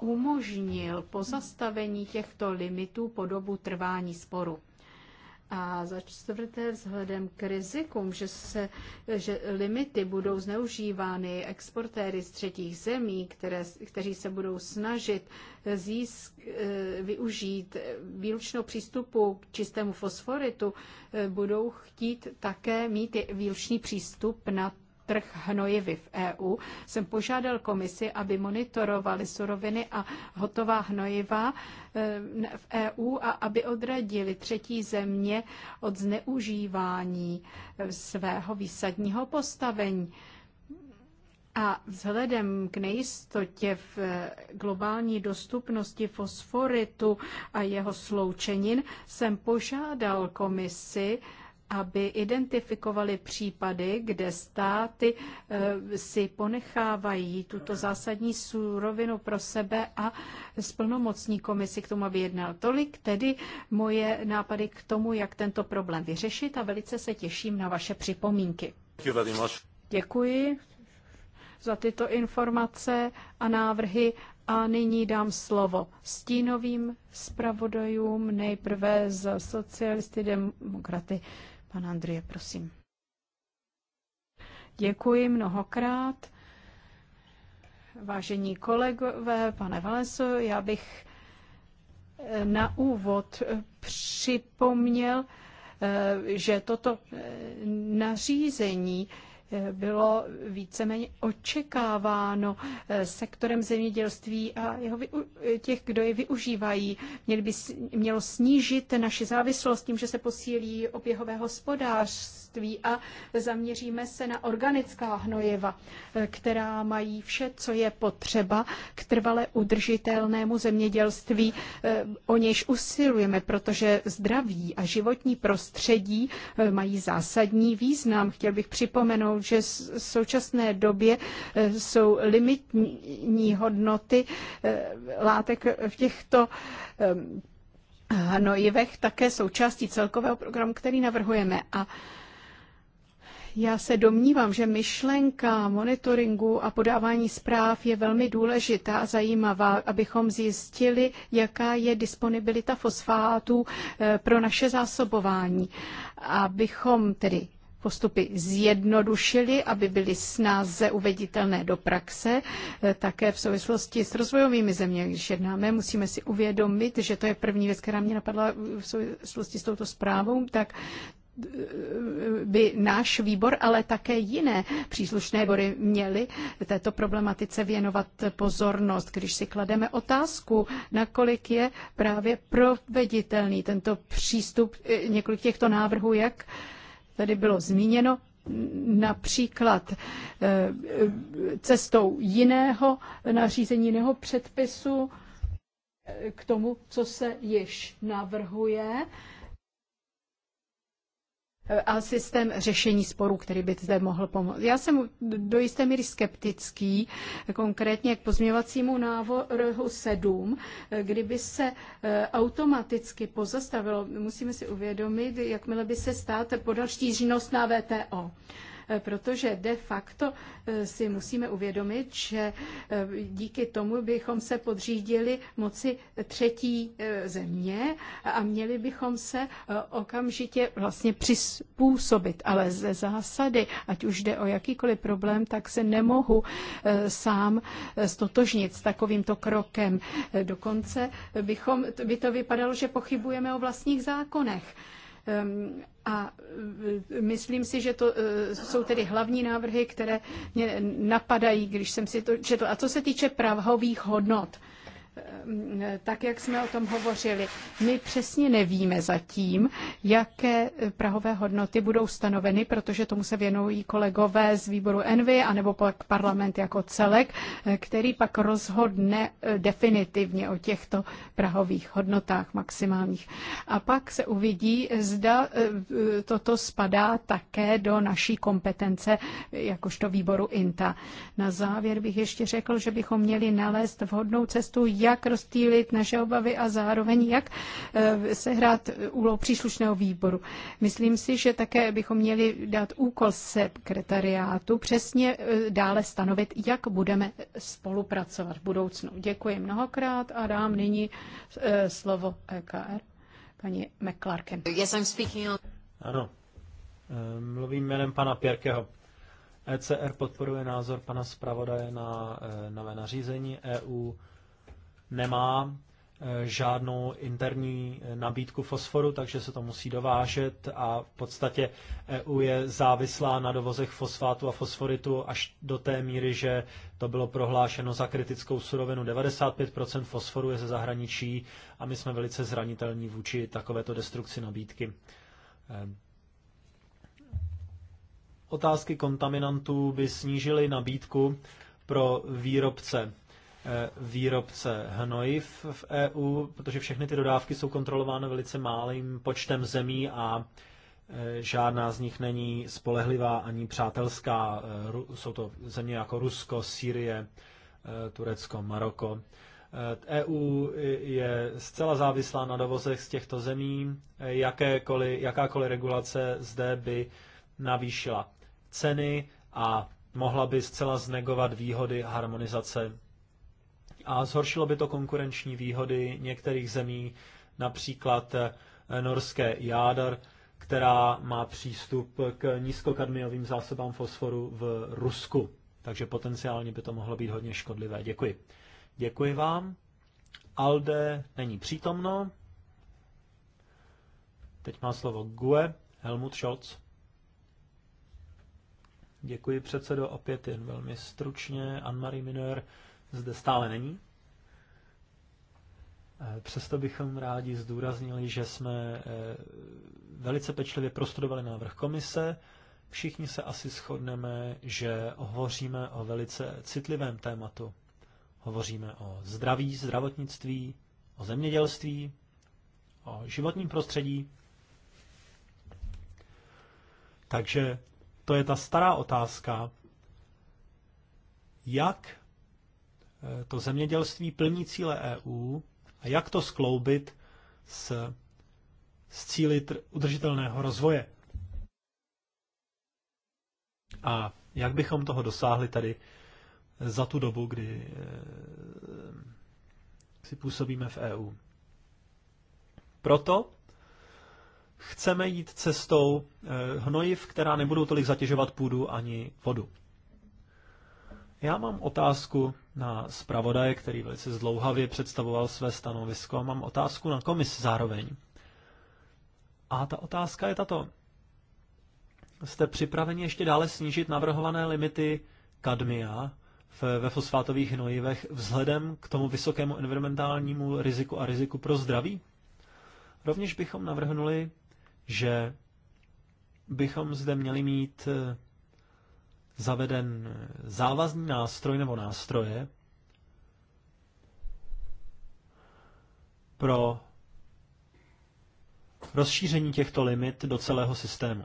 umožnil pozastavení těchto limitů po dobu trvání sporu. A za čtvrté, vzhledem k rizikům, že, se, že limity budou zneužívány exportéry z třetích zemí, které, kteří se budou snažit získ, eh, využít výlučnou přístupu k čistému fosforitu, eh, budou chtít také mít výlučný přístup na trh hnojivy v EU, jsem požádal komisi, aby monitorovali suroviny a hotová hnojiva eh, v EU a aby odradili třetí země od zneužívání eh, svého výsadního postavení. A vzhledem k nejistotě v eh, globální dostupnosti fosforitu a jeho sloučenin jsem požádal komisi, aby identifikovali případy, kde státy eh, si ponechávají tuto zásadní surovinu pro sebe a splnomocní komisi k tomu, aby jednal. Tolik tedy moje nápady k tomu, jak tento problém vyřešit a velice se těším na vaše připomínky. Děkuji za tyto informace a návrhy a nyní dám slovo stínovým zpravodajům, nejprve za socialisty demokraty. Pan Andrie, prosím. Děkuji mnohokrát. Vážení kolegové, pane Valeso, já bych eh, na úvod připomněl, eh, že toto eh, nařízení bylo víceméně očekáváno eh, sektorem zemědělství a jeho, těch, kdo je využívají. Měli by, mělo snížit naši závislost tím, že se posílí oběhové hospodářství zemědělství a zaměříme se na organická hnojiva, eh, která mají vše, co je potřeba k trvale udržitelnému zemědělství, eh, o něž usilujeme, protože zdraví a životní prostředí eh, mají zásadní význam. Chtěl bych připomenout, že v současné době jsou limitní hodnoty látek v těchto hnojivech také součástí celkového programu, který navrhujeme. A já se domnívám, že myšlenka monitoringu a podávání zpráv je velmi důležitá a zajímavá, abychom zjistili, jaká je disponibilita fosfátů eh, pro naše zásobování. Abychom tedy postupy zjednodušili, aby byly snáze uveditelné do praxe. Eh, také v souvislosti s rozvojovými zeměmi, když jednáme, musíme si uvědomit, že to je první věc, která mě napadla v souvislosti s touto zprávou, tak by náš výbor, ale také jiné příslušné výbory měly této problematice věnovat pozornost, když si klademe otázku, nakolik je právě proveditelný tento přístup e, několik těchto návrhů, jak tady bylo zmíněno, například e, e, cestou jiného nařízení, jiného předpisu k tomu, co se již navrhuje a systém řešení sporů, který by zde mohl pomoct. Já jsem do jisté míry skeptický, konkrétně k pozměvacímu návrhu 7, kdyby se eh, automaticky pozastavilo, musíme si uvědomit, jakmile by se stát podal štížnost na VTO. Eh, protože de facto eh, si musíme uvědomit, že eh, díky tomu bychom se podřídili moci třetí země a měli bychom se okamžitě vlastně přizpůsobit. Ale ze zásady, ať už jde o jakýkoliv problém, tak se nemohu sám stotožnit s takovýmto krokem. Dokonce bychom, by to vypadalo, že pochybujeme o vlastních zákonech. Ehm, a e, myslím si, že to e, jsou tedy hlavní návrhy, které mě napadají, když jsem si to četl. A co se týče pravhových hodnot, Eh, tak jak jsme o tom hovořili, my přesně nevíme zatím, jaké prahové hodnoty budou stanoveny, protože tomu se věnují kolegové z výboru Envy, anebo pak parlament jako celek, eh, který pak rozhodne eh, definitivně o těchto prahových hodnotách maximálních. A pak se uvidí, zda toto spadá také do naší kompetence jakožto výboru INTA. Na závěr bych ještě řekl, že bychom měli nalézt vhodnou cestu, jak jak rozstýlit naše obavy a zároveň jak eh, sehrát úlohu příslušného výboru. Myslím si, že také bychom měli dát úkol sekretariátu přesně eh, dále stanovit, jak budeme spolupracovat v budoucnu. Děkuji mnohokrát a dám nyní eh, slovo EKR paní McClarken. Yes, I'm speaking on... Ano, mluvím jménem pana Pěrkeho. ECR podporuje názor pana zpravodaje na nové nařízení EU nemá eh, žádnou interní eh, nabídku fosforu, takže se to musí dovážet a v podstatě EU je závislá na dovozech fosfátu a fosforitu až do té míry, že to bylo prohlášeno za kritickou surovinu. 95% fosforu je ze zahraničí a my jsme velice zranitelní vůči takovéto destrukci nabídky. Eh, otázky kontaminantů by snížily nabídku pro výrobce Eh, výrobce hnojiv v EU, protože všechny ty dodávky jsou kontrolovány velice malým počtem zemí a eh, žádná z nich není spolehlivá ani přátelská. Eh, jsou to země jako Rusko, Sýrie, Turecko, Maroko. EU e je zcela závislá na dovozech z těchto zemí. Jakékoliv, jakákoliv regulace zde by navýšila ceny a mohla by zcela znegovat výhody harmonizace a zhoršilo by to konkurenční výhody některých zemí, například eh, norské Jádar, která má přístup k nízkokadmiovým zásobám fosforu v Rusku. Takže potenciálně by to mohlo být hodně škodlivé. Děkuji. Děkuji vám. Alde není přítomno. Teď má slovo GUE, Helmut Scholz. Děkuji předsedo, opět jen velmi stručně. Anne-Marie Minor zde stále není. Eh, přesto bychom rádi zdůraznili, že jsme eh, velice pečlivě prostudovali návrh komise. Všichni se asi shodneme, že hovoříme o velice citlivém tématu. Hovoříme o zdraví, zdravotnictví, o zemědělství, o životním prostředí. Takže to je ta stará otázka, jak to zemědělství plní cíle EU a jak to skloubit s, s cíly udržitelného rozvoje. A jak bychom toho dosáhli tady za tu dobu, kdy eh, si působíme v EU. Proto chceme jít cestou eh, hnojiv, která nebudou tolik zatěžovat půdu ani vodu. Já mám otázku na zpravodaje, který velice zdlouhavě představoval své stanovisko a mám otázku na komis zároveň. A ta otázka je tato. Jste připraveni ještě dále snížit navrhované limity kadmia ve fosfátových hnojivech vzhledem k tomu vysokému environmentálnímu riziku a riziku pro zdraví? Rovněž bychom navrhnuli, že bychom zde měli mít eh, zaveden závazný nástroj nebo nástroje pro rozšíření těchto limit do celého systému.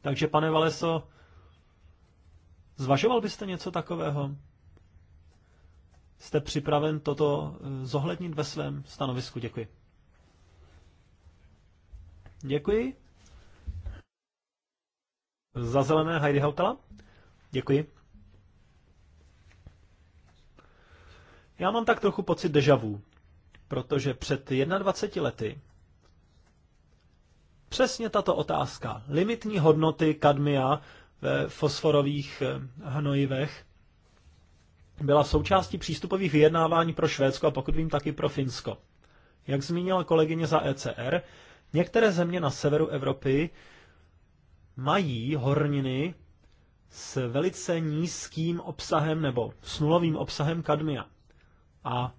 Takže, pane Valeso, zvažoval byste něco takového? Jste připraven toto eh, zohlednit ve svém stanovisku? Děkuji. Děkuji. Za zelené Heidi Hautala. Děkuji. Já mám tak trochu pocit dejavu, protože před 21 lety přesně tato otázka, limitní hodnoty kadmia ve fosforových eh, hnojivech, byla součástí přístupových vyjednávání pro Švédsko a pokud vím, taky pro Finsko. Jak zmínila kolegyně za ECR, některé země na severu Evropy mají horniny s velice nízkým obsahem nebo s nulovým obsahem kadmia. A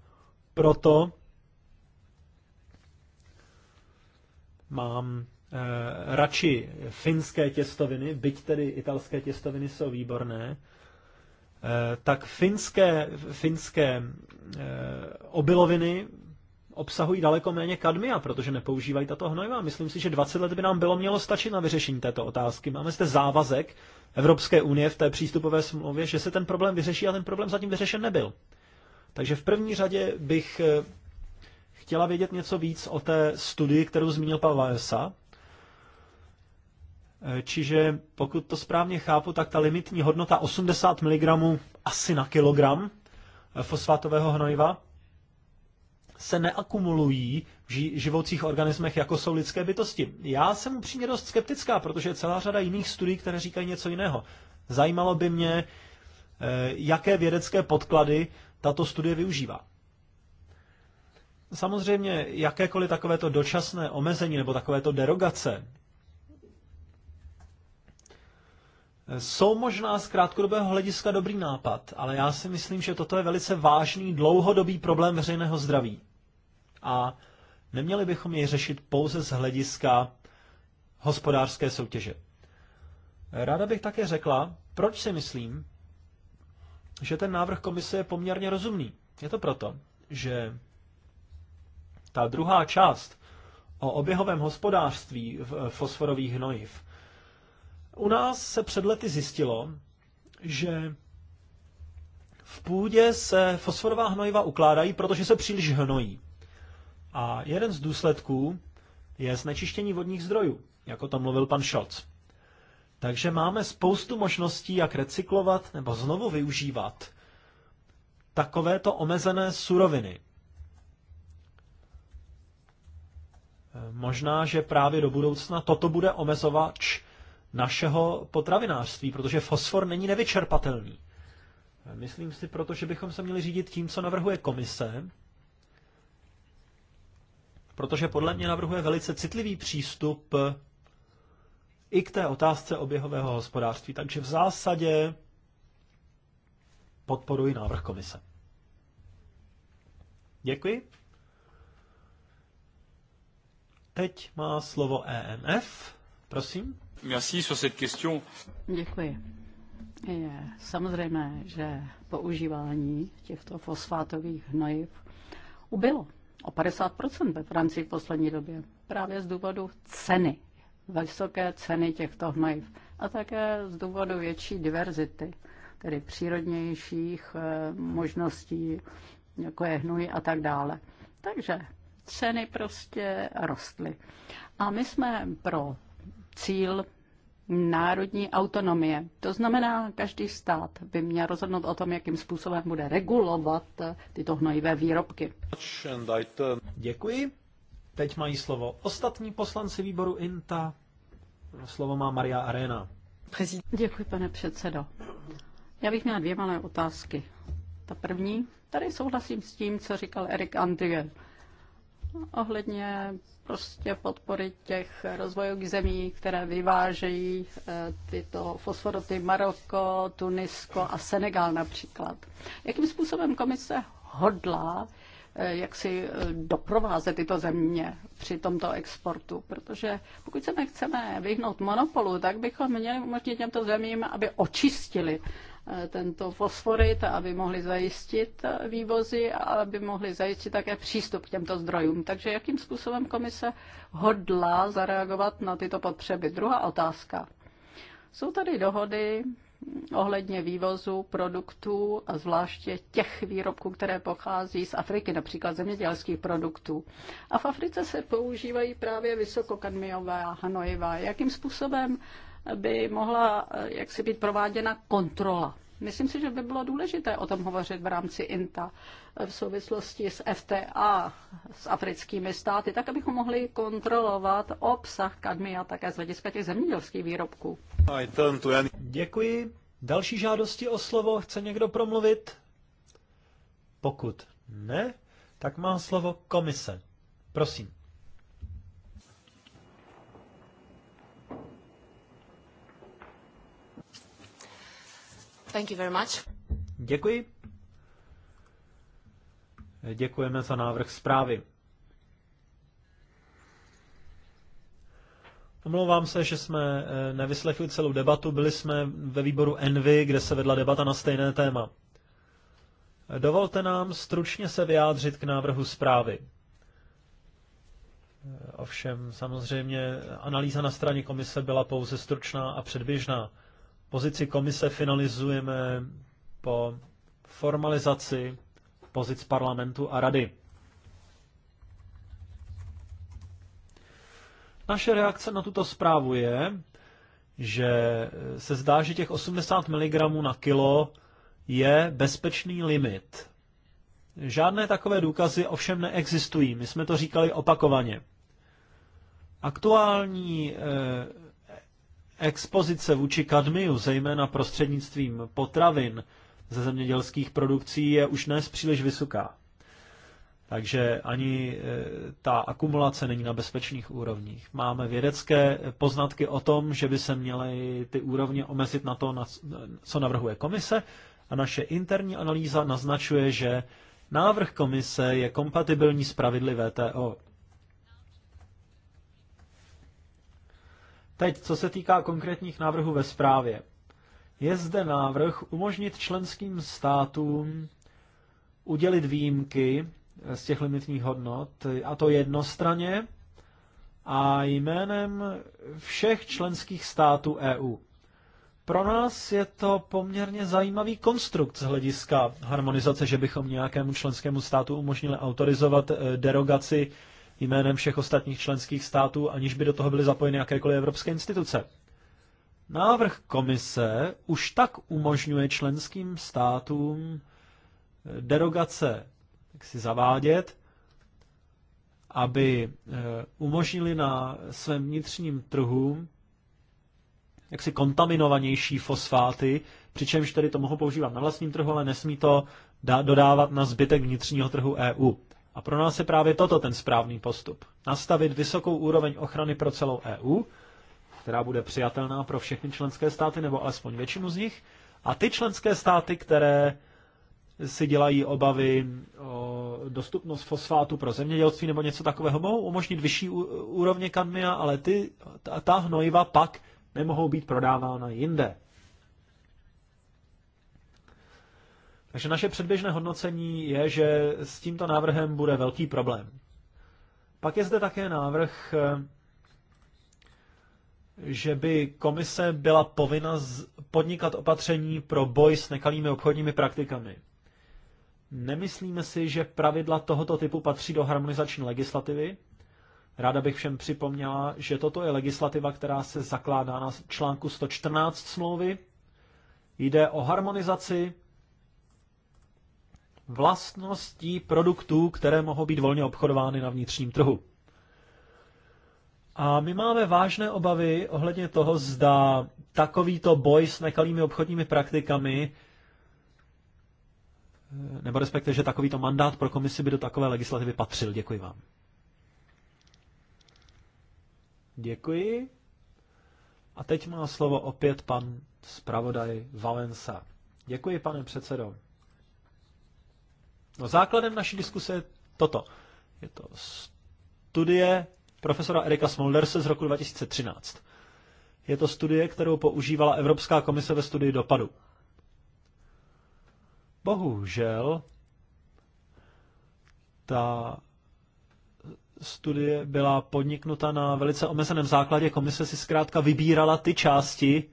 proto mám eh, radši finské těstoviny, byť tedy italské těstoviny jsou výborné, eh, tak finské, finské eh, obiloviny obsahují daleko méně kadmia, protože nepoužívají tato hnojiva. Myslím si, že 20 let by nám bylo mělo stačit na vyřešení této otázky. Máme zde závazek Evropské unie v té přístupové smlouvě, že se ten problém vyřeší a ten problém zatím vyřešen nebyl. Takže v první řadě bych eh, chtěla vědět něco víc o té studii, kterou zmínil pan Valesa. Eh, čiže pokud to správně chápu, tak ta limitní hodnota 80 mg asi na kilogram eh, fosfátového hnojiva se neakumulují v živoucích organismech, jako jsou lidské bytosti. Já jsem upřímně dost skeptická, protože je celá řada jiných studií, které říkají něco jiného. Zajímalo by mě, eh, jaké vědecké podklady tato studie využívá. Samozřejmě jakékoliv takovéto dočasné omezení nebo takovéto derogace jsou možná z krátkodobého hlediska dobrý nápad, ale já si myslím, že toto je velice vážný dlouhodobý problém veřejného zdraví. A neměli bychom jej řešit pouze z hlediska hospodářské soutěže. Ráda bych také řekla, proč si myslím, že ten návrh komise je poměrně rozumný. Je to proto, že ta druhá část o oběhovém hospodářství v eh, fosforových hnojiv u nás se před lety zjistilo, že v půdě se fosforová hnojiva ukládají, protože se příliš hnojí. A jeden z důsledků je znečištění vodních zdrojů, jako tam mluvil pan Šoc. Takže máme spoustu možností, jak recyklovat nebo znovu využívat takovéto omezené suroviny. Možná, že právě do budoucna toto bude omezovač našeho potravinářství, protože fosfor není nevyčerpatelný. Myslím si proto, že bychom se měli řídit tím, co navrhuje komise, protože podle mě navrhuje velice citlivý přístup i k té otázce oběhového hospodářství. Takže v zásadě podporuji návrh komise. Děkuji. Teď má slovo EMF. Prosím. Merci sur cette question. Děkuji. Je že používání těchto fosfátových hnojiv ubylo o 50% ve Francii v poslední době. Právě z důvodu ceny, vysoké ceny těchto hnojiv a také z důvodu větší diverzity, tedy přírodnějších eh, možností, jako je hnoj a tak dále. Takže ceny prostě rostly. A my jsme pro cíl národní autonomie. To znamená, každý stát by měl rozhodnout o tom, jakým způsobem bude regulovat eh, tyto hnojivé výrobky. Děkuji. Teď mají slovo ostatní poslanci výboru INTA. Slovo má Maria Arena. Děkuji, pane předsedo. Já bych měla dvě malé otázky. Ta první, tady souhlasím s tím, co říkal Erik Andrie ohledně prostě podpory těch rozvojových zemí, které vyvážejí eh, tyto fosforoty Maroko, Tunisko a Senegal například. Jakým způsobem komise hodlá eh, jak si eh, doprovázet tyto země při tomto exportu, protože pokud se nechceme vyhnout monopolu, tak bychom měli umožnit těmto zemím, aby očistili tento fosforit, aby mohli zajistit vývozy a aby mohli zajistit také přístup k těmto zdrojům. Takže jakým způsobem komise hodlá zareagovat na tyto potřeby? Druhá otázka. Jsou tady dohody ohledně vývozu produktů a zvláště těch výrobků, které pochází z Afriky, například zemědělských produktů. A v Africe se používají právě vysokokadmiová hnojiva. Jakým způsobem by mohla eh, jaksi být prováděna kontrola. Myslím si, že by bylo důležité o tom hovořit v rámci INTA eh, v souvislosti s FTA, s africkými státy, tak abychom mohli kontrolovat obsah kadmia také z hlediska těch zemědělských výrobků. Děkuji. Další žádosti o slovo chce někdo promluvit? Pokud ne, tak má slovo komise. Prosím. Thank you very much. Děkuji. Děkujeme za návrh zprávy. Omlouvám se, že jsme eh, nevyslechli celou debatu, byli jsme ve výboru Envy, kde se vedla debata na stejné téma. Dovolte nám stručně se vyjádřit k návrhu zprávy. Eh, ovšem, samozřejmě, analýza na straně komise byla pouze stručná a předběžná. Pozici komise finalizujeme po formalizaci pozic parlamentu a rady. Naše reakce na tuto zprávu je, že se zdá, že těch 80 mg na kilo je bezpečný limit. Žádné takové důkazy ovšem neexistují, my jsme to říkali opakovaně. Aktuální eh, Expozice vůči kadmiu, zejména prostřednictvím potravin ze zemědělských produkcí, je už dnes příliš vysoká. Takže ani e, ta akumulace není na bezpečných úrovních. Máme vědecké poznatky o tom, že by se měly ty úrovně omezit na to, co navrhuje komise, a naše interní analýza naznačuje, že návrh komise je kompatibilní s pravidly VTO. Teď, co se týká konkrétních návrhů ve zprávě. Je zde návrh umožnit členským státům udělit výjimky z těch limitních hodnot, a to jednostraně a jménem všech členských států EU. Pro nás je to poměrně zajímavý konstrukt z hlediska harmonizace, že bychom nějakému členskému státu umožnili autorizovat eh, derogaci jménem všech ostatních členských států, aniž by do toho byly zapojeny jakékoliv evropské instituce. Návrh komise už tak umožňuje členským státům eh, derogace jak si zavádět, aby eh, umožnili na svém vnitřním trhu jaksi kontaminovanější fosfáty, přičemž tedy to mohou používat na vlastním trhu, ale nesmí to dodávat na zbytek vnitřního trhu EU. A pro nás je právě toto ten správný postup. Nastavit vysokou úroveň ochrany pro celou EU, která bude přijatelná pro všechny členské státy, nebo alespoň většinu z nich, a ty členské státy, které si dělají obavy o dostupnost fosfátu pro zemědělství nebo něco takového, mohou umožnit vyšší úrovně kadmia, ale ty, ta, ta hnojiva pak nemohou být prodávána jinde. Takže naše předběžné hodnocení je, že s tímto návrhem bude velký problém. Pak je zde také návrh, eh, že by komise byla povinna podnikat opatření pro boj s nekalými obchodními praktikami. Nemyslíme si, že pravidla tohoto typu patří do harmonizační legislativy. Ráda bych všem připomněla, že toto je legislativa, která se zakládá na článku 114 smlouvy. Jde o harmonizaci vlastností produktů, které mohou být volně obchodovány na vnitřním trhu. A my máme vážné obavy ohledně toho, zda takovýto boj s nekalými obchodními praktikami, nebo respektive, že takovýto mandát pro komisi by do takové legislativy patřil. Děkuji vám. Děkuji. A teď má slovo opět pan zpravodaj Valensa. Děkuji, pane předsedo. No, základem naší diskuse je toto. Je to studie profesora Erika Smolderse z roku 2013. Je to studie, kterou používala Evropská komise ve studii dopadu. Bohužel ta studie byla podniknuta na velice omezeném základě. Komise si zkrátka vybírala ty části,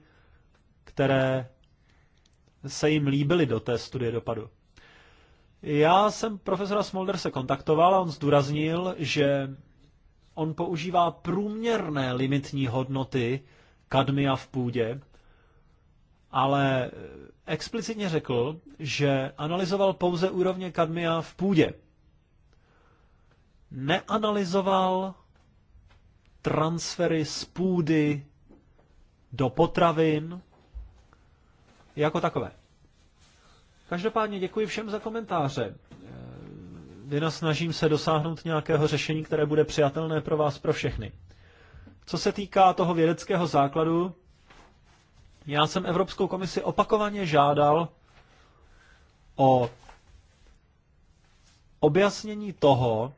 které se jim líbily do té studie dopadu. Já jsem profesora Smolder se kontaktoval a on zdůraznil, že on používá průměrné limitní hodnoty kadmia v půdě, ale explicitně řekl, že analyzoval pouze úrovně kadmia v půdě. Neanalyzoval transfery z půdy do potravin jako takové. Každopádně děkuji všem za komentáře. Eh, snažím se dosáhnout nějakého řešení, které bude přijatelné pro vás, pro všechny. Co se týká toho vědeckého základu, já jsem Evropskou komisi opakovaně žádal o objasnění toho,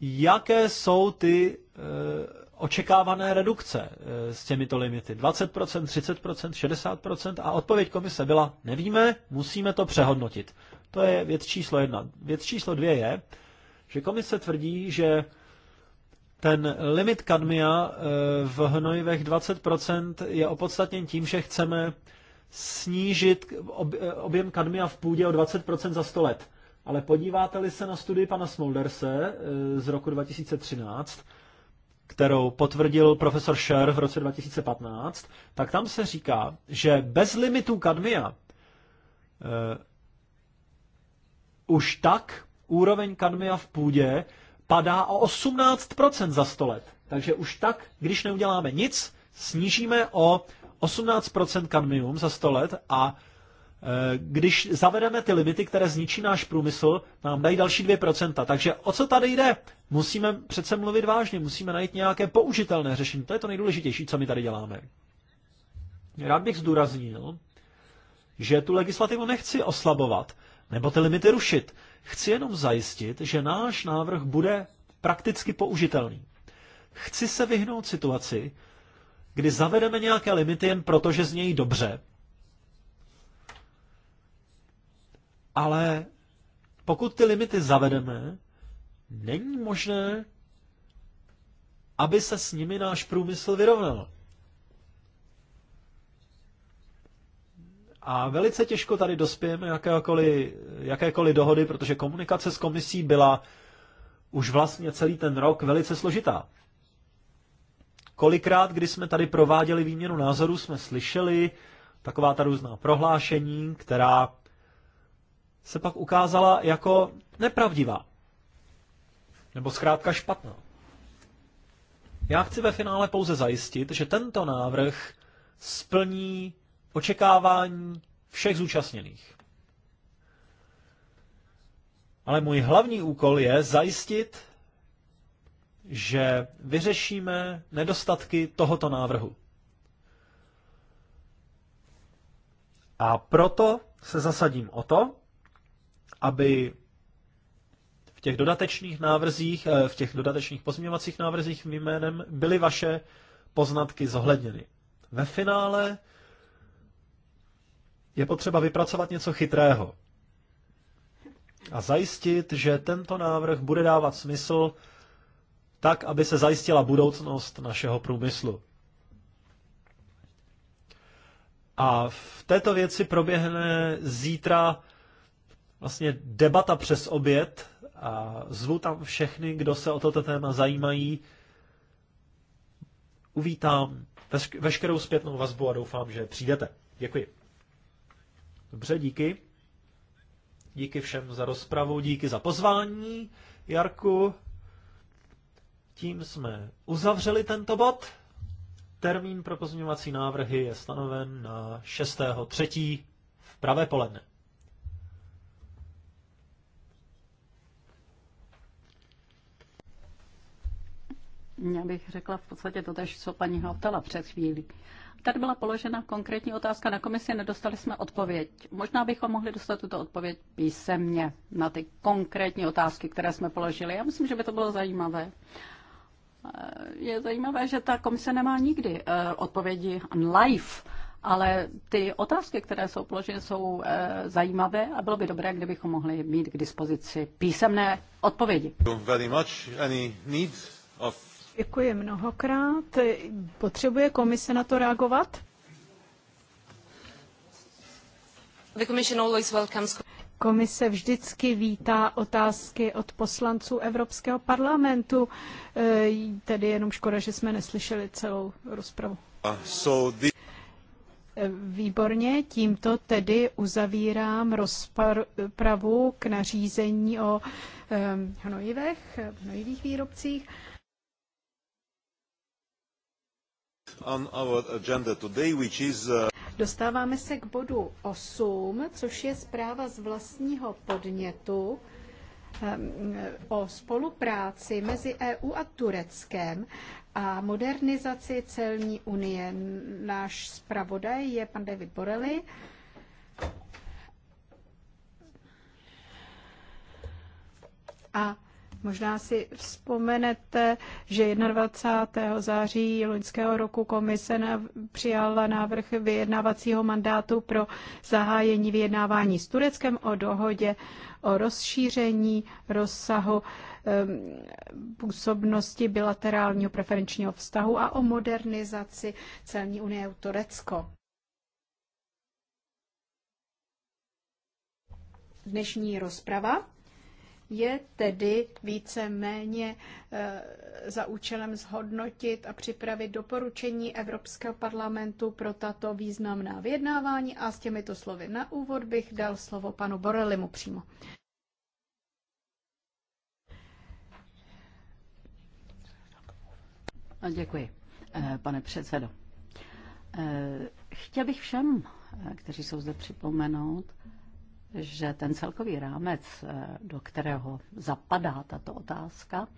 jaké jsou ty e, očekávané redukce eh, s těmito limity. 20%, 30%, 60% a odpověď komise byla, nevíme, musíme to přehodnotit. To je věc číslo jedna. Věc číslo dvě je, že komise tvrdí, že ten limit kadmia eh, v hnojivech 20% je opodstatněn tím, že chceme snížit eh, objem kadmia v půdě o 20% za 100 let. Ale podíváte-li se na studii pana Smolderse z roku 2013, kterou potvrdil profesor Sher v roce 2015, tak tam se říká, že bez limitů kadmia eh, už tak úroveň kadmia v půdě padá o 18% za 100 let. Takže už tak, když neuděláme nic, snížíme o 18% kadmium za 100 let a Eh, když zavedeme ty limity, které zničí náš průmysl, nám dají další 2%. Takže o co tady jde? Musíme přece mluvit vážně, musíme najít nějaké použitelné řešení. To je to nejdůležitější, co my tady děláme. Rád bych zdůraznil, že tu legislativu nechci oslabovat nebo ty limity rušit. Chci jenom zajistit, že náš návrh bude prakticky použitelný. Chci se vyhnout situaci, kdy zavedeme nějaké limity jen proto, že z něj dobře Ale pokud ty limity zavedeme, není možné, aby se s nimi náš průmysl vyrovnal. A velice těžko tady dospějeme jakékoliv, jakékoliv dohody, protože komunikace s komisí byla už vlastně celý ten rok velice složitá. Kolikrát, když jsme tady prováděli výměnu názorů, jsme slyšeli taková ta různá prohlášení, která se pak ukázala jako nepravdivá. Nebo zkrátka špatná. Já chci ve finále pouze zajistit, že tento návrh splní očekávání všech zúčastněných. Ale můj hlavní úkol je zajistit, že vyřešíme nedostatky tohoto návrhu. A proto se zasadím o to, aby v těch dodatečných návrzích, eh, v těch dodatečných pozměňovacích návrzích jménem byly vaše poznatky zohledněny. Ve finále je potřeba vypracovat něco chytrého a zajistit, že tento návrh bude dávat smysl tak, aby se zajistila budoucnost našeho průmyslu. A v této věci proběhne zítra vlastně debata přes oběd a zvu tam všechny, kdo se o toto téma zajímají. Uvítám veškerou zpětnou vazbu a doufám, že přijdete. Děkuji. Dobře, díky. Díky všem za rozpravu, díky za pozvání, Jarku. Tím jsme uzavřeli tento bod. Termín pro pozměňovací návrhy je stanoven na 6.3. v pravé poledne. Já bych řekla v podstatě to tež, co paní Hautala před chvílí. Tady byla položena konkrétní otázka na komisi, nedostali jsme odpověď. Možná bychom mohli dostat tuto odpověď písemně na ty konkrétní otázky, které jsme položili. Já myslím, že by to bylo zajímavé. Eh, je zajímavé, že ta komise nemá nikdy eh, odpovědi live, ale ty otázky, které jsou položeny, jsou eh, zajímavé a bylo by dobré, kdybychom mohli mít k dispozici písemné odpovědi. Very much. Any need of Děkuji mnohokrát. Potřebuje komise na to reagovat? The commission always welcomes... Komise vždycky vítá otázky od poslanců Evropského parlamentu, e, tedy jenom škoda, že jsme neslyšeli celou rozpravu. so the... E, výborně, tímto tedy uzavírám rozpravu k nařízení o e, hnojivech, hnojivých výrobcích. Uh, Dostáváme se k bodu 8, což je zpráva z vlastního podnětu ehm, o spolupráci mezi EU a Tureckem a modernizaci celní unie. Náš zpravodaj je pan David Borelli. A Možná si vzpomenete, že 21. září loňského roku komise přijala návrh vyjednávacího mandátu pro zahájení vyjednávání s Tureckem o dohodě o rozšíření rozsahu ehm, působnosti bilaterálního preferenčního vztahu a o modernizaci celní unie u Turecko. Dnešní rozprava je tedy více-méně eh, za účelem zhodnotit a připravit doporučení Evropského parlamentu pro tato významná vyjednávání. A s těmito slovy na úvod bych dal slovo panu Borelimu přímo. Děkuji, eh, pane předsedo. Eh, chtěl bych všem, kteří jsou zde připomenout, že ten celkový rámec, eh, do kterého zapadá tato otázka,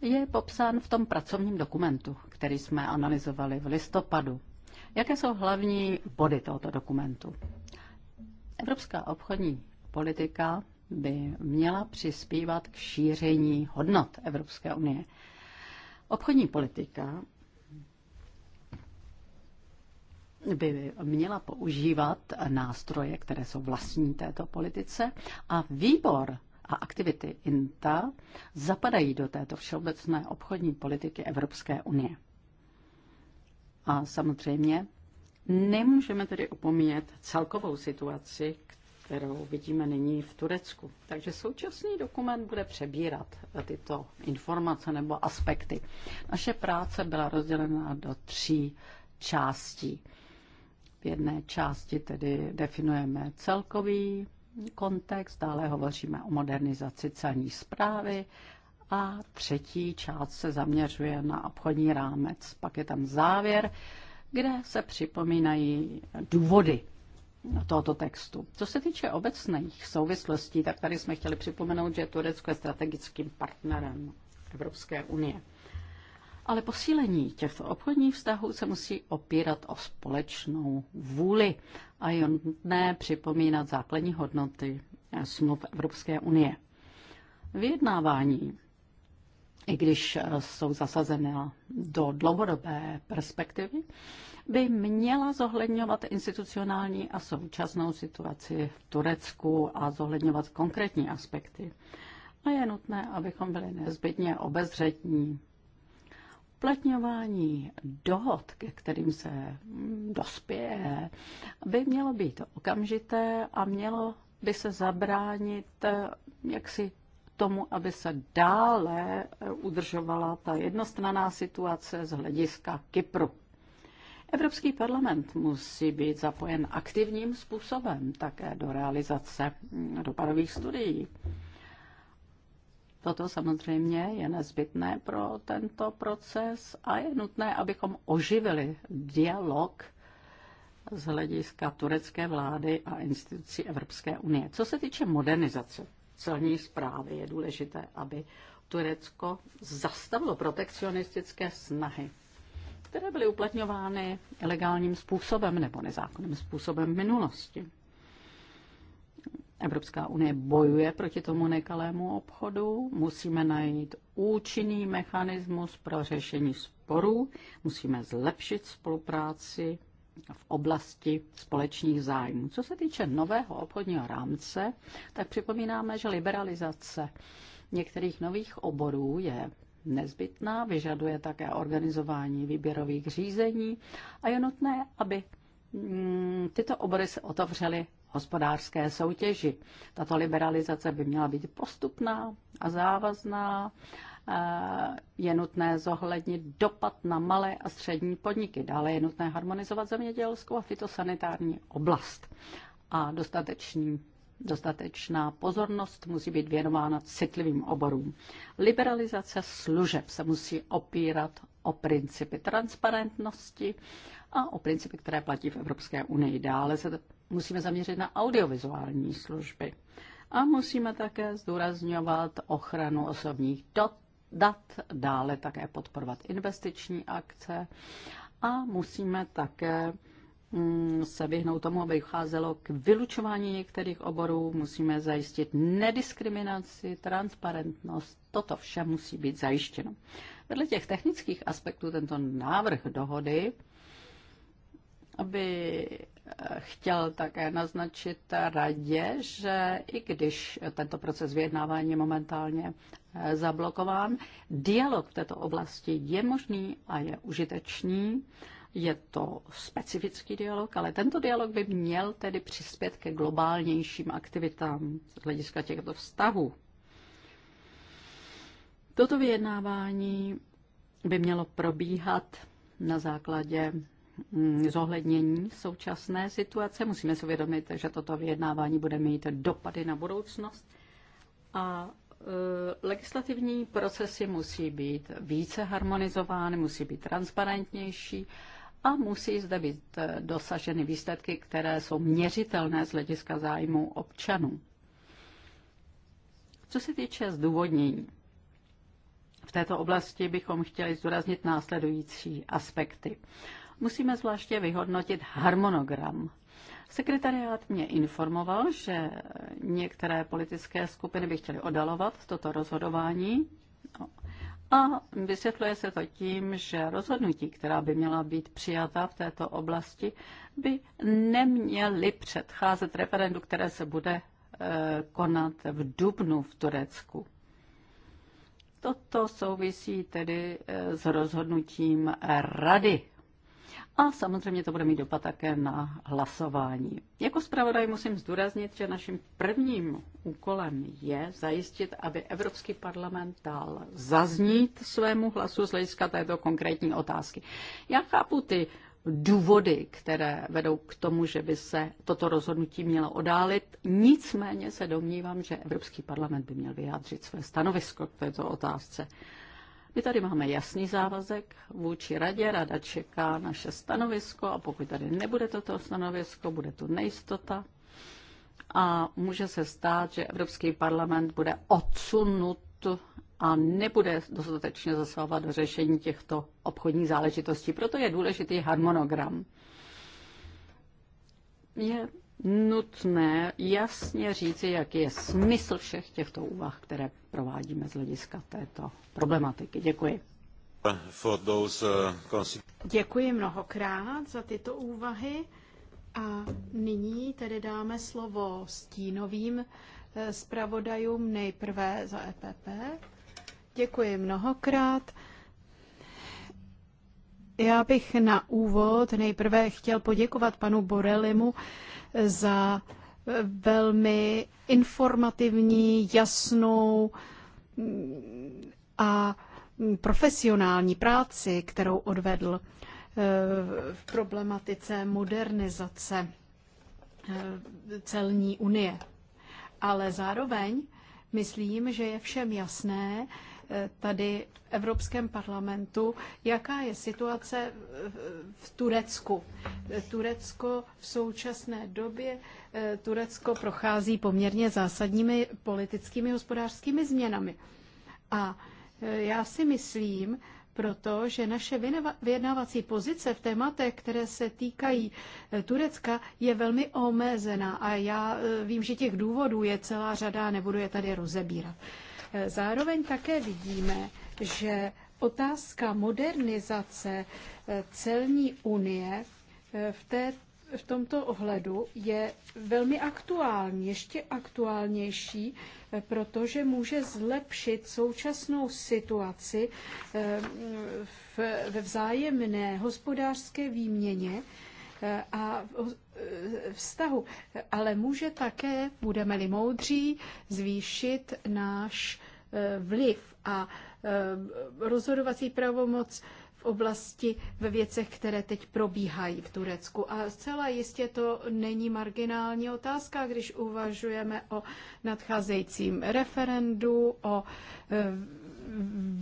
je popsán v tom pracovním dokumentu, který jsme analyzovali v listopadu. Jaké jsou hlavní body tohoto dokumentu? Evropská obchodní politika by měla přispívat k šíření hodnot Evropské unie. Obchodní politika by měla používat nástroje, které jsou vlastní této politice a výbor a aktivity INTA zapadají do této všeobecné obchodní politiky Evropské unie. A samozřejmě nemůžeme tedy opomíjet celkovou situaci, kterou vidíme nyní v Turecku. Takže současný dokument bude přebírat tyto informace nebo aspekty. Naše práce byla rozdělena do tří částí jedné části tedy definujeme celkový kontext, dále hovoříme o modernizaci celní zprávy a třetí část se zaměřuje na obchodní rámec. Pak je tam závěr, kde se připomínají důvody tohoto textu. Co se týče obecných souvislostí, tak tady jsme chtěli připomenout, že Turecko je strategickým partnerem Evropské unie ale posílení těchto obchodních vztahů se musí opírat o společnou vůli a je nutné připomínat základní hodnoty smluv Evropské unie. Vyjednávání, i když jsou zasazené do dlouhodobé perspektivy, by měla zohledňovat institucionální a současnou situaci v Turecku a zohledňovat konkrétní aspekty. A je nutné, abychom byli nezbytně obezřetní uplatňování dohod, ke kterým se mm, dospěje, by mělo být okamžité a mělo by se zabránit eh, jaksi tomu, aby se dále eh, udržovala ta jednostranná situace z hlediska Kypru. Evropský parlament musí být zapojen aktivním způsobem také do realizace mm, dopadových studií. Toto samozřejmě je nezbytné pro tento proces a je nutné, abychom oživili dialog z hlediska turecké vlády a institucí Evropské unie. Co se týče modernizace celní zprávy, je důležité, aby Turecko zastavilo protekcionistické snahy, které byly uplatňovány ilegálním způsobem nebo nezákonným způsobem v minulosti. Evropská unie bojuje proti tomu nekalému obchodu, musíme najít účinný mechanismus pro řešení sporů, musíme zlepšit spolupráci v oblasti společných zájmů. Co se týče nového obchodního rámce, tak připomínáme, že liberalizace některých nových oborů je nezbytná, vyžaduje také organizování výběrových řízení a je nutné, aby mm, tyto obory se otevřely hospodářské soutěži. Tato liberalizace by měla být postupná a závazná. Eh, je nutné zohlednit dopad na malé a střední podniky. Dále je nutné harmonizovat zemědělskou a fitosanitární oblast. A dostatečný Dostatečná pozornost musí být věnována citlivým oborům. Liberalizace služeb se musí opírat o principy transparentnosti a o principy, které platí v Evropské unii. Dále se musíme zaměřit na audiovizuální služby. A musíme také zdůrazňovat ochranu osobních dat, dále také podporovat investiční akce a musíme také mm, se vyhnout tomu, aby cházelo k vylučování některých oborů, musíme zajistit nediskriminaci, transparentnost, toto vše musí být zajištěno. Vedle těch technických aspektů tento návrh dohody aby chtěl také naznačit radě, že i když tento proces vyjednávání je momentálně eh, zablokován, dialog v této oblasti je možný a je užitečný. Je to specifický dialog, ale tento dialog by měl tedy přispět ke globálnějším aktivitám z hlediska těchto vztahů. Toto vyjednávání by mělo probíhat na základě Mm, zohlednění současné situace. Musíme si uvědomit, že toto vyjednávání bude mít dopady na budoucnost a e, legislativní procesy musí být více harmonizovány, musí být transparentnější a musí zde být e, dosaženy výsledky, které jsou měřitelné z hlediska zájmu občanů. Co se týče zdůvodnění, v této oblasti bychom chtěli zdůraznit následující aspekty musíme zvláště vyhodnotit harmonogram. Sekretariát mě informoval, že některé politické skupiny by chtěly odalovat toto rozhodování no. a vysvětluje se to tím, že rozhodnutí, která by měla být přijata v této oblasti, by neměly předcházet referendu, které se bude e, konat v Dubnu v Turecku. Toto souvisí tedy e, s rozhodnutím Rady a samozřejmě to bude mít dopad také na hlasování. Jako zpravodaj musím zdůraznit, že naším prvním úkolem je zajistit, aby Evropský parlament dal zaznít svému hlasu z hlediska této konkrétní otázky. Já chápu ty důvody, které vedou k tomu, že by se toto rozhodnutí mělo odálit. Nicméně se domnívám, že Evropský parlament by měl vyjádřit své stanovisko k této otázce. My tady máme jasný závazek vůči radě, rada čeká naše stanovisko a pokud tady nebude toto stanovisko, bude tu nejistota a může se stát, že Evropský parlament bude odsunut a nebude dostatečně zasahovat do řešení těchto obchodních záležitostí. Proto je důležitý harmonogram. Je nutné jasně říci, jaký je smysl všech těchto úvah, které provádíme z hlediska této problematiky. Děkuji. Those, uh, Děkuji mnohokrát za tyto úvahy a nyní tedy dáme slovo stínovým eh, zpravodajům nejprve za EPP. Děkuji mnohokrát. Já bych na úvod nejprve chtěl poděkovat panu Borelimu za velmi informativní, jasnou a profesionální práci, kterou odvedl eh, v problematice modernizace eh, celní unie. Ale zároveň myslím, že je všem jasné, tady v Evropském parlamentu, jaká je situace v Turecku. Turecko v současné době eh, Turecko prochází poměrně zásadními politickými hospodářskými změnami. A eh, já si myslím, protože naše vyjednávací pozice v tématech, které se týkají eh, Turecka, je velmi omezená a já vím, že těch důvodů je celá řada, nebudu je tady rozebírat. Zároveň také vidíme, že otázka modernizace eh, celní unie eh, v té v tomto ohledu je velmi aktuální, ještě aktuálnější, eh, protože může zlepšit současnou situaci ve vzájemné hospodářské výměně a e, vztahu, ale může také, budeme-li moudří, zvýšit náš e, vliv a e, rozhodovací pravomoc v oblasti ve věcech, které teď probíhají v Turecku. A zcela jistě to není marginální otázka, když uvažujeme o nadcházejícím referendu, o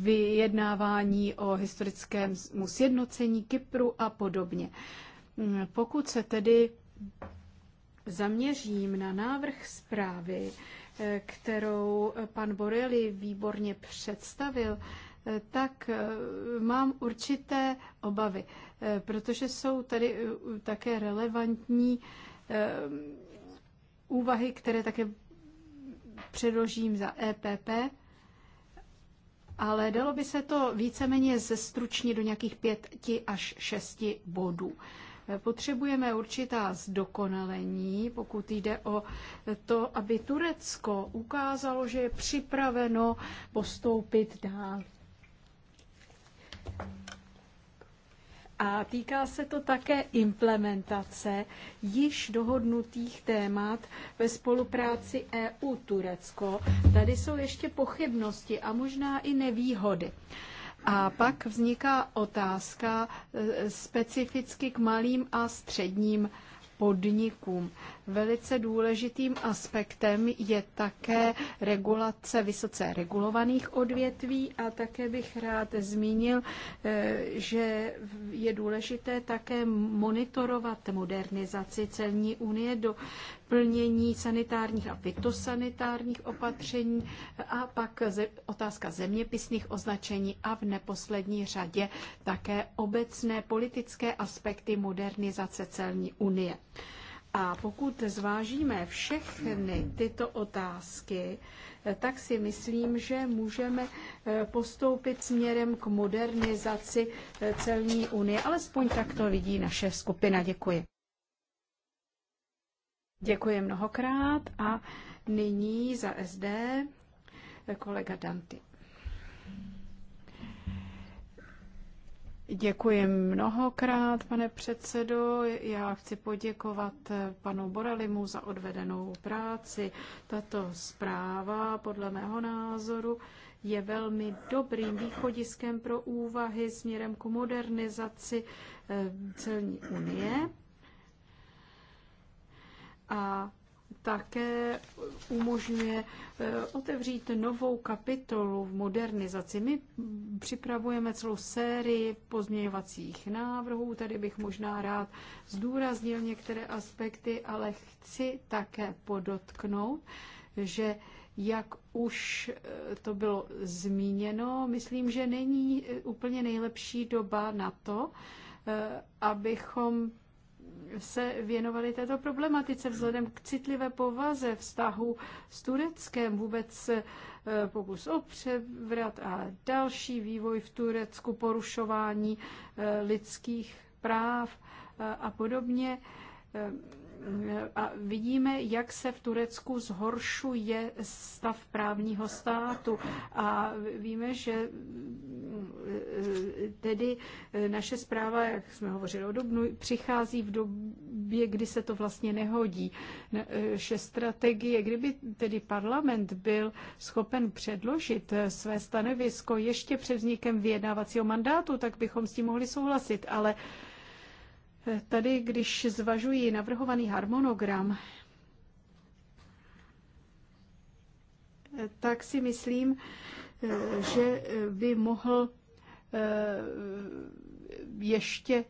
vyjednávání o historickém sjednocení Kypru a podobně. Pokud se tedy zaměřím na návrh zprávy, eh, kterou pan Borelli výborně představil, eh, tak eh, mám určité obavy, protože jsou tady také relevantní úvahy, které také předložím za EPP, ale dalo by se to víceméně zestručnit do nějakých pěti až šesti bodů. Potřebujeme určitá zdokonalení, pokud jde o to, aby Turecko ukázalo, že je připraveno postoupit dál. A týká se to také implementace již dohodnutých témat ve spolupráci EU-Turecko. Tady jsou ještě pochybnosti a možná i nevýhody. A pak vzniká otázka e, specificky k malým a středním podnikům. Velice důležitým aspektem je také regulace vysoce regulovaných odvětví a také bych rád zmínil, eh, že je důležité také monitorovat modernizaci celní unie do plnění sanitárních a fitosanitárních opatření a pak otázka zeměpisných označení a v neposlední řadě také obecné politické aspekty modernizace celní unie. A pokud zvážíme všechny tyto otázky, tak si myslím, že můžeme eh, postoupit směrem k modernizaci eh, celní unie. Alespoň tak to vidí naše skupina. Děkuji. Děkuji mnohokrát a nyní za SD eh, kolega Danty. Děkuji mnohokrát, pane předsedo. Já chci poděkovat panu Borelimu za odvedenou práci. Tato zpráva, podle mého názoru, je velmi dobrým východiskem pro úvahy směrem k modernizaci eh, celní unie. A také umožňuje eh, otevřít novou kapitolu v modernizaci. My připravujeme celou sérii pozměňovacích návrhů. Tady bych možná rád zdůraznil některé aspekty, ale chci také podotknout, že jak už eh, to bylo zmíněno, myslím, že není eh, úplně nejlepší doba na to, abychom se věnovali této problematice vzhledem k citlivé povaze vztahu s Tureckem, vůbec eh, pokus o převrat a další vývoj v Turecku, porušování eh, lidských práv eh, a podobně a vidíme, jak se v Turecku zhoršuje stav právního státu a víme, že eh, tedy eh, naše zpráva, jak jsme hovořili o dobnu, přichází v době, kdy se to vlastně nehodí. Eh, že strategie, kdyby tedy parlament byl schopen předložit své stanovisko ještě před vznikem vyjednávacího mandátu, tak bychom s tím mohli souhlasit, ale Tady, když zvažuji navrhovaný harmonogram, tak si myslím, že by mohl eh, ještě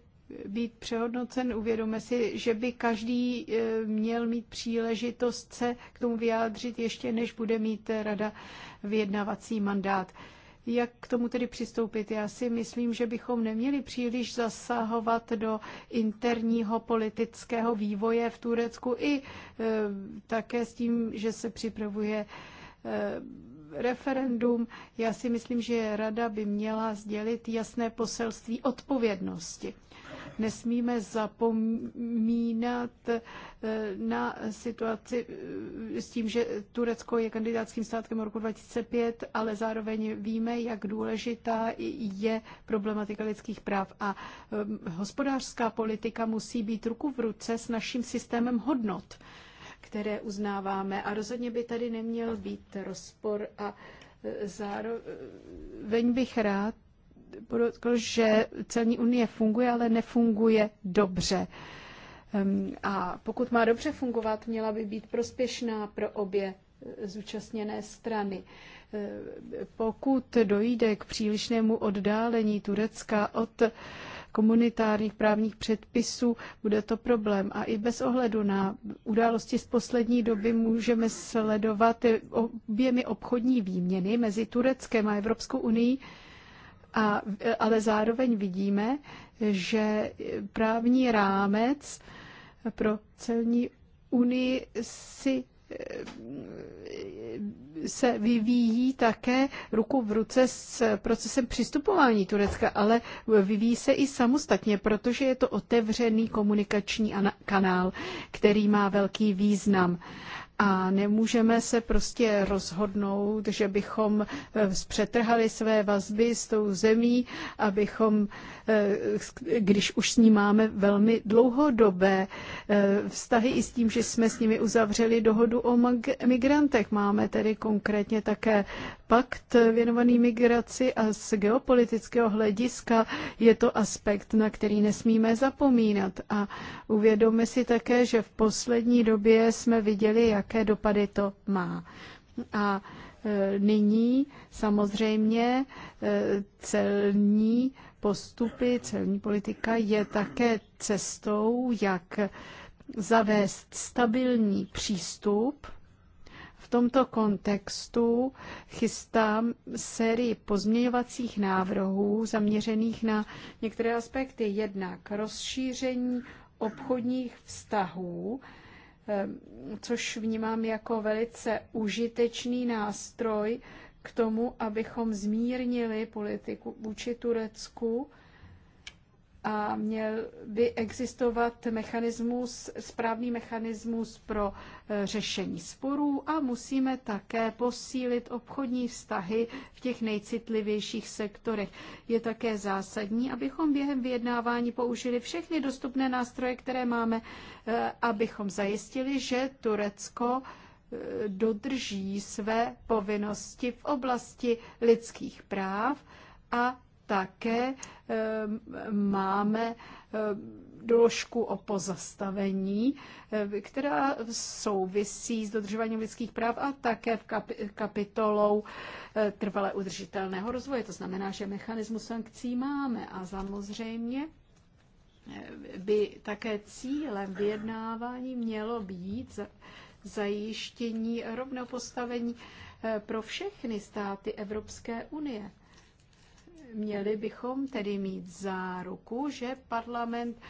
být přehodnocen. Uvědomme si, že by každý eh, měl mít příležitost se k tomu vyjádřit ještě, než bude mít rada vyjednavací mandát. Jak k tomu tedy přistoupit? Já si myslím, že bychom neměli příliš zasahovat do interního politického vývoje v Turecku i e, také s tím, že se připravuje e, referendum. Já si myslím, že rada by měla sdělit jasné poselství odpovědnosti. Nesmíme zapomínat eh, na situaci eh, s tím, že Turecko je kandidátským státkem roku 2005, ale zároveň víme, jak důležitá je problematika lidských práv. A eh, hospodářská politika musí být ruku v ruce s naším systémem hodnot které uznáváme. A rozhodně by tady neměl být rozpor a zároveň bych rád podotkl, že celní unie funguje, ale nefunguje dobře. A pokud má dobře fungovat, měla by být prospěšná pro obě zúčastněné strany. Pokud dojde k přílišnému oddálení Turecka od komunitárních právních předpisů, bude to problém. A i bez ohledu na události z poslední doby můžeme sledovat eh, oběmi obchodní výměny mezi Tureckem a Evropskou unii a, ale zároveň vidíme, že právní rámec pro celní unii si eh, se vyvíjí také ruku v ruce s procesem přistupování Turecka, ale vyvíjí se i samostatně, protože je to otevřený komunikační kanál, který má velký význam. A nemůžeme se prostě rozhodnout, že bychom eh, zpřetrhali své vazby s tou zemí, abychom, eh, když už s ní máme velmi dlouhodobé eh, vztahy i s tím, že jsme s nimi uzavřeli dohodu o migrantech. Máme tedy konkrétně také pakt věnovaný migraci a z geopolitického hlediska je to aspekt, na který nesmíme zapomínat. A uvědomme si také, že v poslední době jsme viděli, jaké dopady to má. A e, nyní samozřejmě e, celní postupy, celní politika je také cestou, jak zavést stabilní přístup tomto kontextu chystám sérii pozměňovacích návrhů zaměřených na některé aspekty. Jednak rozšíření obchodních vztahů, eh, což vnímám jako velice užitečný nástroj k tomu, abychom zmírnili politiku vůči Turecku a měl by existovat mechanismus, správný mechanismus pro e, řešení sporů a musíme také posílit obchodní vztahy v těch nejcitlivějších sektorech. Je také zásadní, abychom během vyjednávání použili všechny dostupné nástroje, které máme, e, abychom zajistili, že Turecko e, dodrží své povinnosti v oblasti lidských práv a také eh, máme eh, doložku o pozastavení, eh, která souvisí s dodržováním lidských práv a také v kapitolou trvale udržitelného rozvoje. To znamená, že mechanismus sankcí máme a samozřejmě by také cílem vyjednávání mělo být zajištění rovnopostavení pro všechny státy Evropské unie. Měli bychom tedy mít záruku, že parlament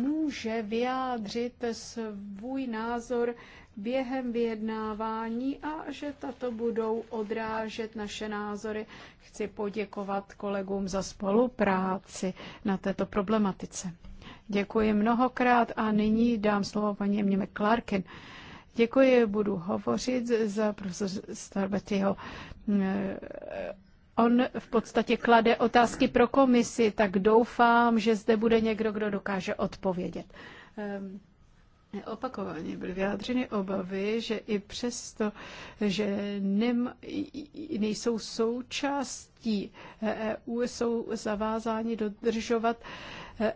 může vyjádřit svůj názor během vyjednávání a že tato budou odrážet naše názory. Chci poděkovat kolegům za spolupráci na této problematice. Děkuji mnohokrát a nyní dám slovo paní Emě McClarkin. Děkuji, budu hovořit za profesor Starbetyho On v podstatě klade otázky pro komisi, tak doufám, že zde bude někdo, kdo dokáže odpovědět. Ehm, opakovaně byly vyjádřeny obavy, že i přesto, že nem, nejsou součástí EU, e, jsou zavázáni dodržovat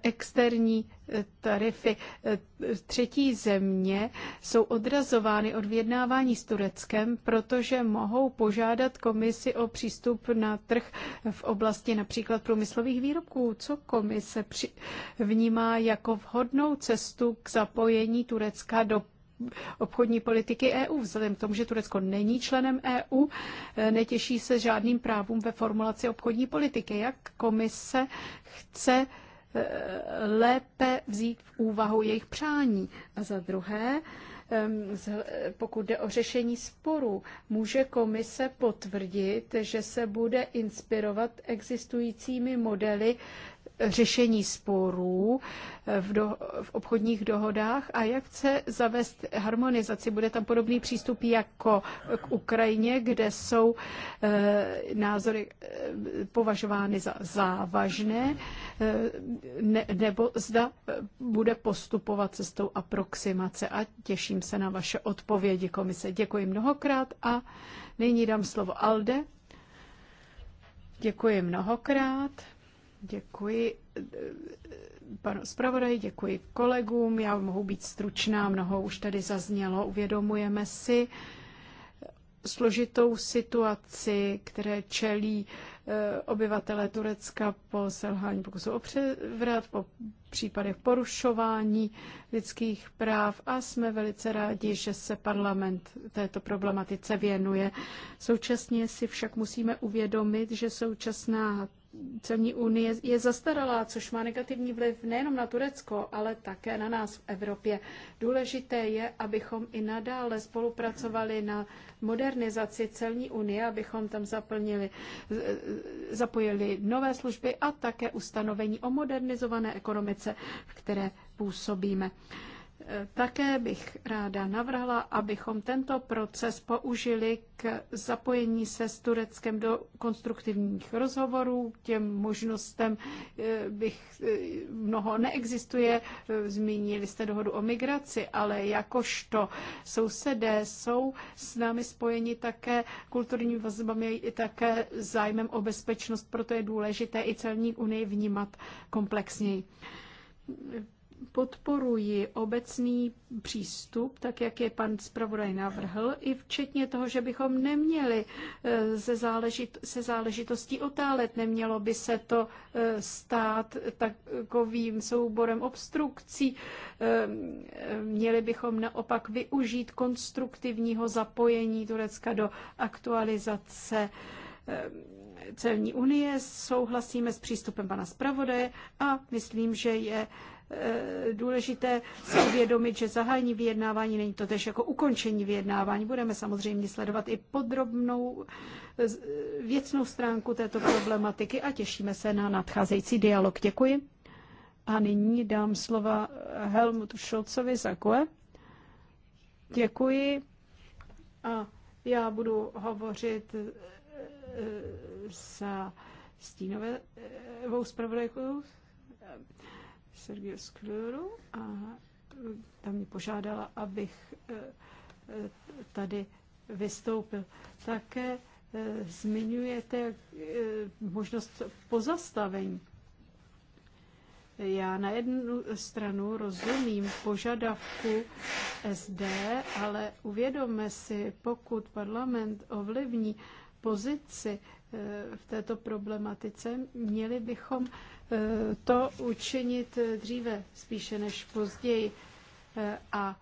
externí eh, tarify. Eh, třetí země jsou odrazovány od vyjednávání s Tureckem, protože mohou požádat komisi o přístup na trh v oblasti například průmyslových výrobků. Co komise vnímá jako vhodnou cestu k zapojení Turecka do obchodní politiky EU. Vzhledem k tomu, že Turecko není členem EU, eh, netěší se žádným právům ve formulaci obchodní politiky. Jak komise chce Eh, lépe vzít v úvahu jejich přání. A za druhé, pokud jde o řešení sporu, může komise potvrdit, že se bude inspirovat existujícími modely řešení sporů v, do, v obchodních dohodách a jak chce zavést harmonizaci. Bude tam podobný přístup jako k Ukrajině, kde jsou e, názory eh, považovány za závažné, e, ne, nebo zda bude postupovat cestou aproximace. A těším se na vaše odpovědi komise. Děkuji mnohokrát a nyní dám slovo Alde. Děkuji mnohokrát. Děkuji eh, panu zpravodaji, děkuji kolegům. Já mohu být stručná, mnoho už tady zaznělo. Uvědomujeme si složitou situaci, které čelí eh, obyvatelé Turecka po selhání pokusu o převrat, po případech porušování lidských práv a jsme velice rádi, že se parlament této problematice věnuje. Současně si však musíme uvědomit, že současná celní unie je zastaralá, což má negativní vliv nejenom na Turecko, ale také na nás v Evropě. Důležité je, abychom i nadále spolupracovali na modernizaci celní unie, abychom tam zaplnili, zapojili nové služby a také ustanovení o modernizované ekonomice, v které působíme. Také bych ráda navrhla, abychom tento proces použili k zapojení se s Tureckem do konstruktivních rozhovorů. K těm možnostem eh, bych eh, mnoho neexistuje. Zmínili jste dohodu o migraci, ale jakožto sousedé jsou s námi spojeni také kulturními vazbami, i také zájmem o bezpečnost, proto je důležité i celní unii vnímat komplexněji podporuji obecný přístup, tak jak je pan zpravodaj navrhl, i včetně toho, že bychom neměli se, eh, záležit, se záležitostí otálet, nemělo by se to eh, stát takovým souborem obstrukcí, eh, měli bychom naopak využít konstruktivního zapojení Turecka do aktualizace celní unie, souhlasíme s přístupem pana zpravodaje a myslím, že je Eh, důležité si uvědomit, že zahájení vyjednávání není to tež jako ukončení vyjednávání. Budeme samozřejmě sledovat i podrobnou eh, věcnou stránku této problematiky a těšíme se na nadcházející dialog. Děkuji. A nyní dám slova Helmutu Šolcovi za KOE. Děkuji. A já budu hovořit eh, za stínovou zpravodajku. Sergio Skleru a eh, tam mě požádala, abych eh, eh, tady vystoupil. Také zmiňujete možnost pozastavení. Já na jednu stranu rozumím požadavku SD, ale uvědomme si, pokud parlament ovlivní pozici v této problematice, měli bychom to učinit dříve, spíše než později. E, a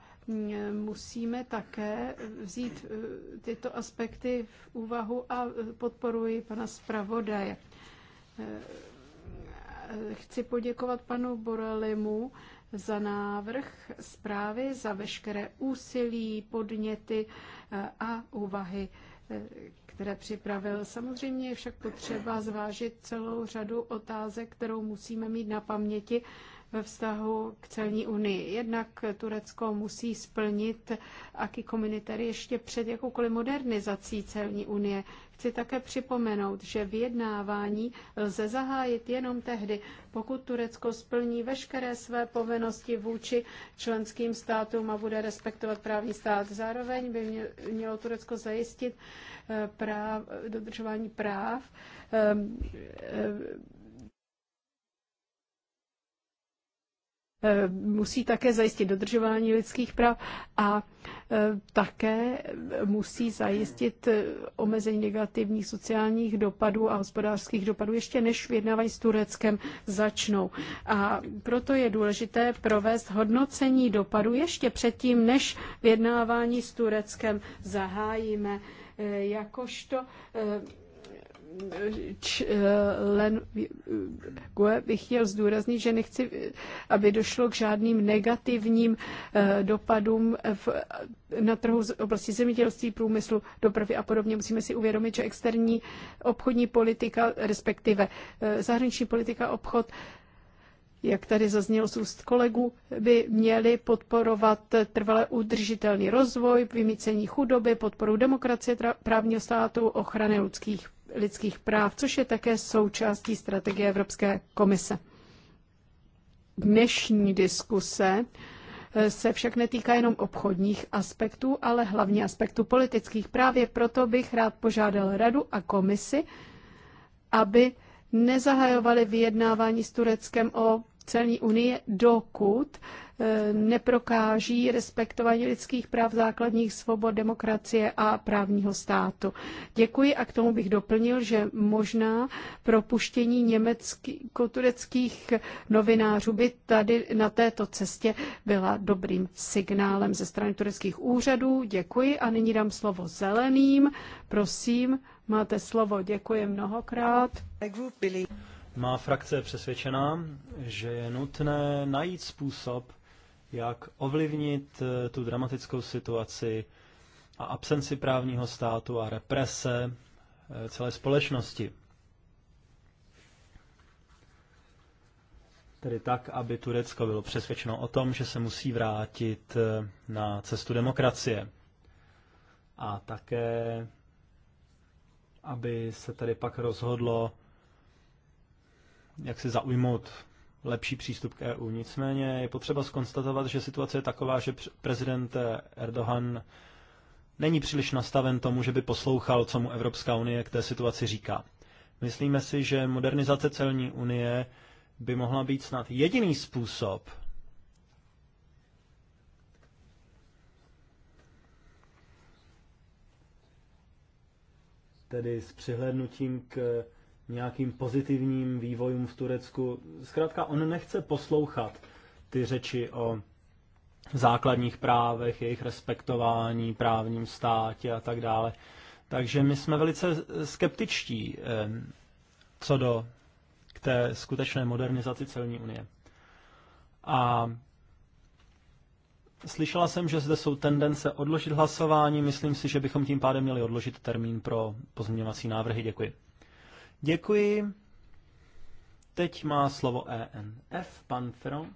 musíme také vzít e, tyto aspekty v úvahu a e, podporuji pana zpravodaje. Chci poděkovat panu Borelimu za návrh zprávy, za veškeré úsilí, podněty a úvahy které připravil. Samozřejmě je však potřeba zvážit celou řadu otázek, kterou musíme mít na paměti ve vztahu k celní unii. Jednak Turecko musí splnit aký komunitary ještě před jakoukoliv modernizací celní unie. Chci také připomenout, že vyjednávání lze zahájit jenom tehdy, pokud Turecko splní veškeré své povinnosti vůči členským státům a bude respektovat právní stát. Zároveň by mělo Turecko zajistit eh, práv, dodržování práv eh, eh, Eh, musí také zajistit dodržování lidských práv a eh, také musí zajistit eh, omezení negativních sociálních dopadů a hospodářských dopadů, ještě než vyjednávají s Tureckem začnou. A proto je důležité provést hodnocení dopadů ještě předtím, než vyjednávání s Tureckem zahájíme jakožto člen eh, GUE bych chtěl zdůraznit, že nechci, aby došlo k žádným negativním eh, dopadům v, na trhu z oblasti zemědělství, průmyslu, dopravy a podobně. Musíme si uvědomit, že externí obchodní politika, respektive eh, zahraniční politika, obchod, jak tady zaznělo z úst kolegů, by měly podporovat trvale udržitelný rozvoj, vymícení chudoby, podporu demokracie, právního státu, ochrany lidských lidských práv, což je také součástí strategie Evropské komise. Dnešní diskuse eh, se však netýká jenom obchodních aspektů, ale hlavně aspektů politických. Právě proto bych rád požádal radu a komisi, aby nezahajovali vyjednávání s Tureckem o celní unie, dokud eh, neprokáží respektování lidských práv, základních svobod, demokracie a právního státu. Děkuji a k tomu bych doplnil, že možná propuštění německých tureckých novinářů by tady na této cestě byla dobrým signálem ze strany tureckých úřadů. Děkuji a nyní dám slovo zeleným. Prosím, máte slovo. Děkuji mnohokrát. Má frakce přesvědčená, že je nutné najít způsob, jak ovlivnit eh, tu dramatickou situaci a absenci právního státu a represe eh, celé společnosti. Tedy tak, aby Turecko bylo přesvědčeno o tom, že se musí vrátit eh, na cestu demokracie. A také, aby se tady pak rozhodlo, jak si zaujmout lepší přístup k EU. Nicméně je potřeba skonstatovat, že situace je taková, že prezident Erdogan není příliš nastaven tomu, že by poslouchal, co mu Evropská unie k té situaci říká. Myslíme si, že modernizace celní unie by mohla být snad jediný způsob, tedy s přihlednutím k nějakým pozitivním vývojům v Turecku. Zkrátka, on nechce poslouchat ty řeči o základních právech, jejich respektování, právním státě a tak dále. Takže my jsme velice skeptičtí co do k té skutečné modernizaci celní unie. A slyšela jsem, že zde jsou tendence odložit hlasování. Myslím si, že bychom tím pádem měli odložit termín pro pozměňovací návrhy. Děkuji. Děkuji. Teď má slovo ENF, pan Feron.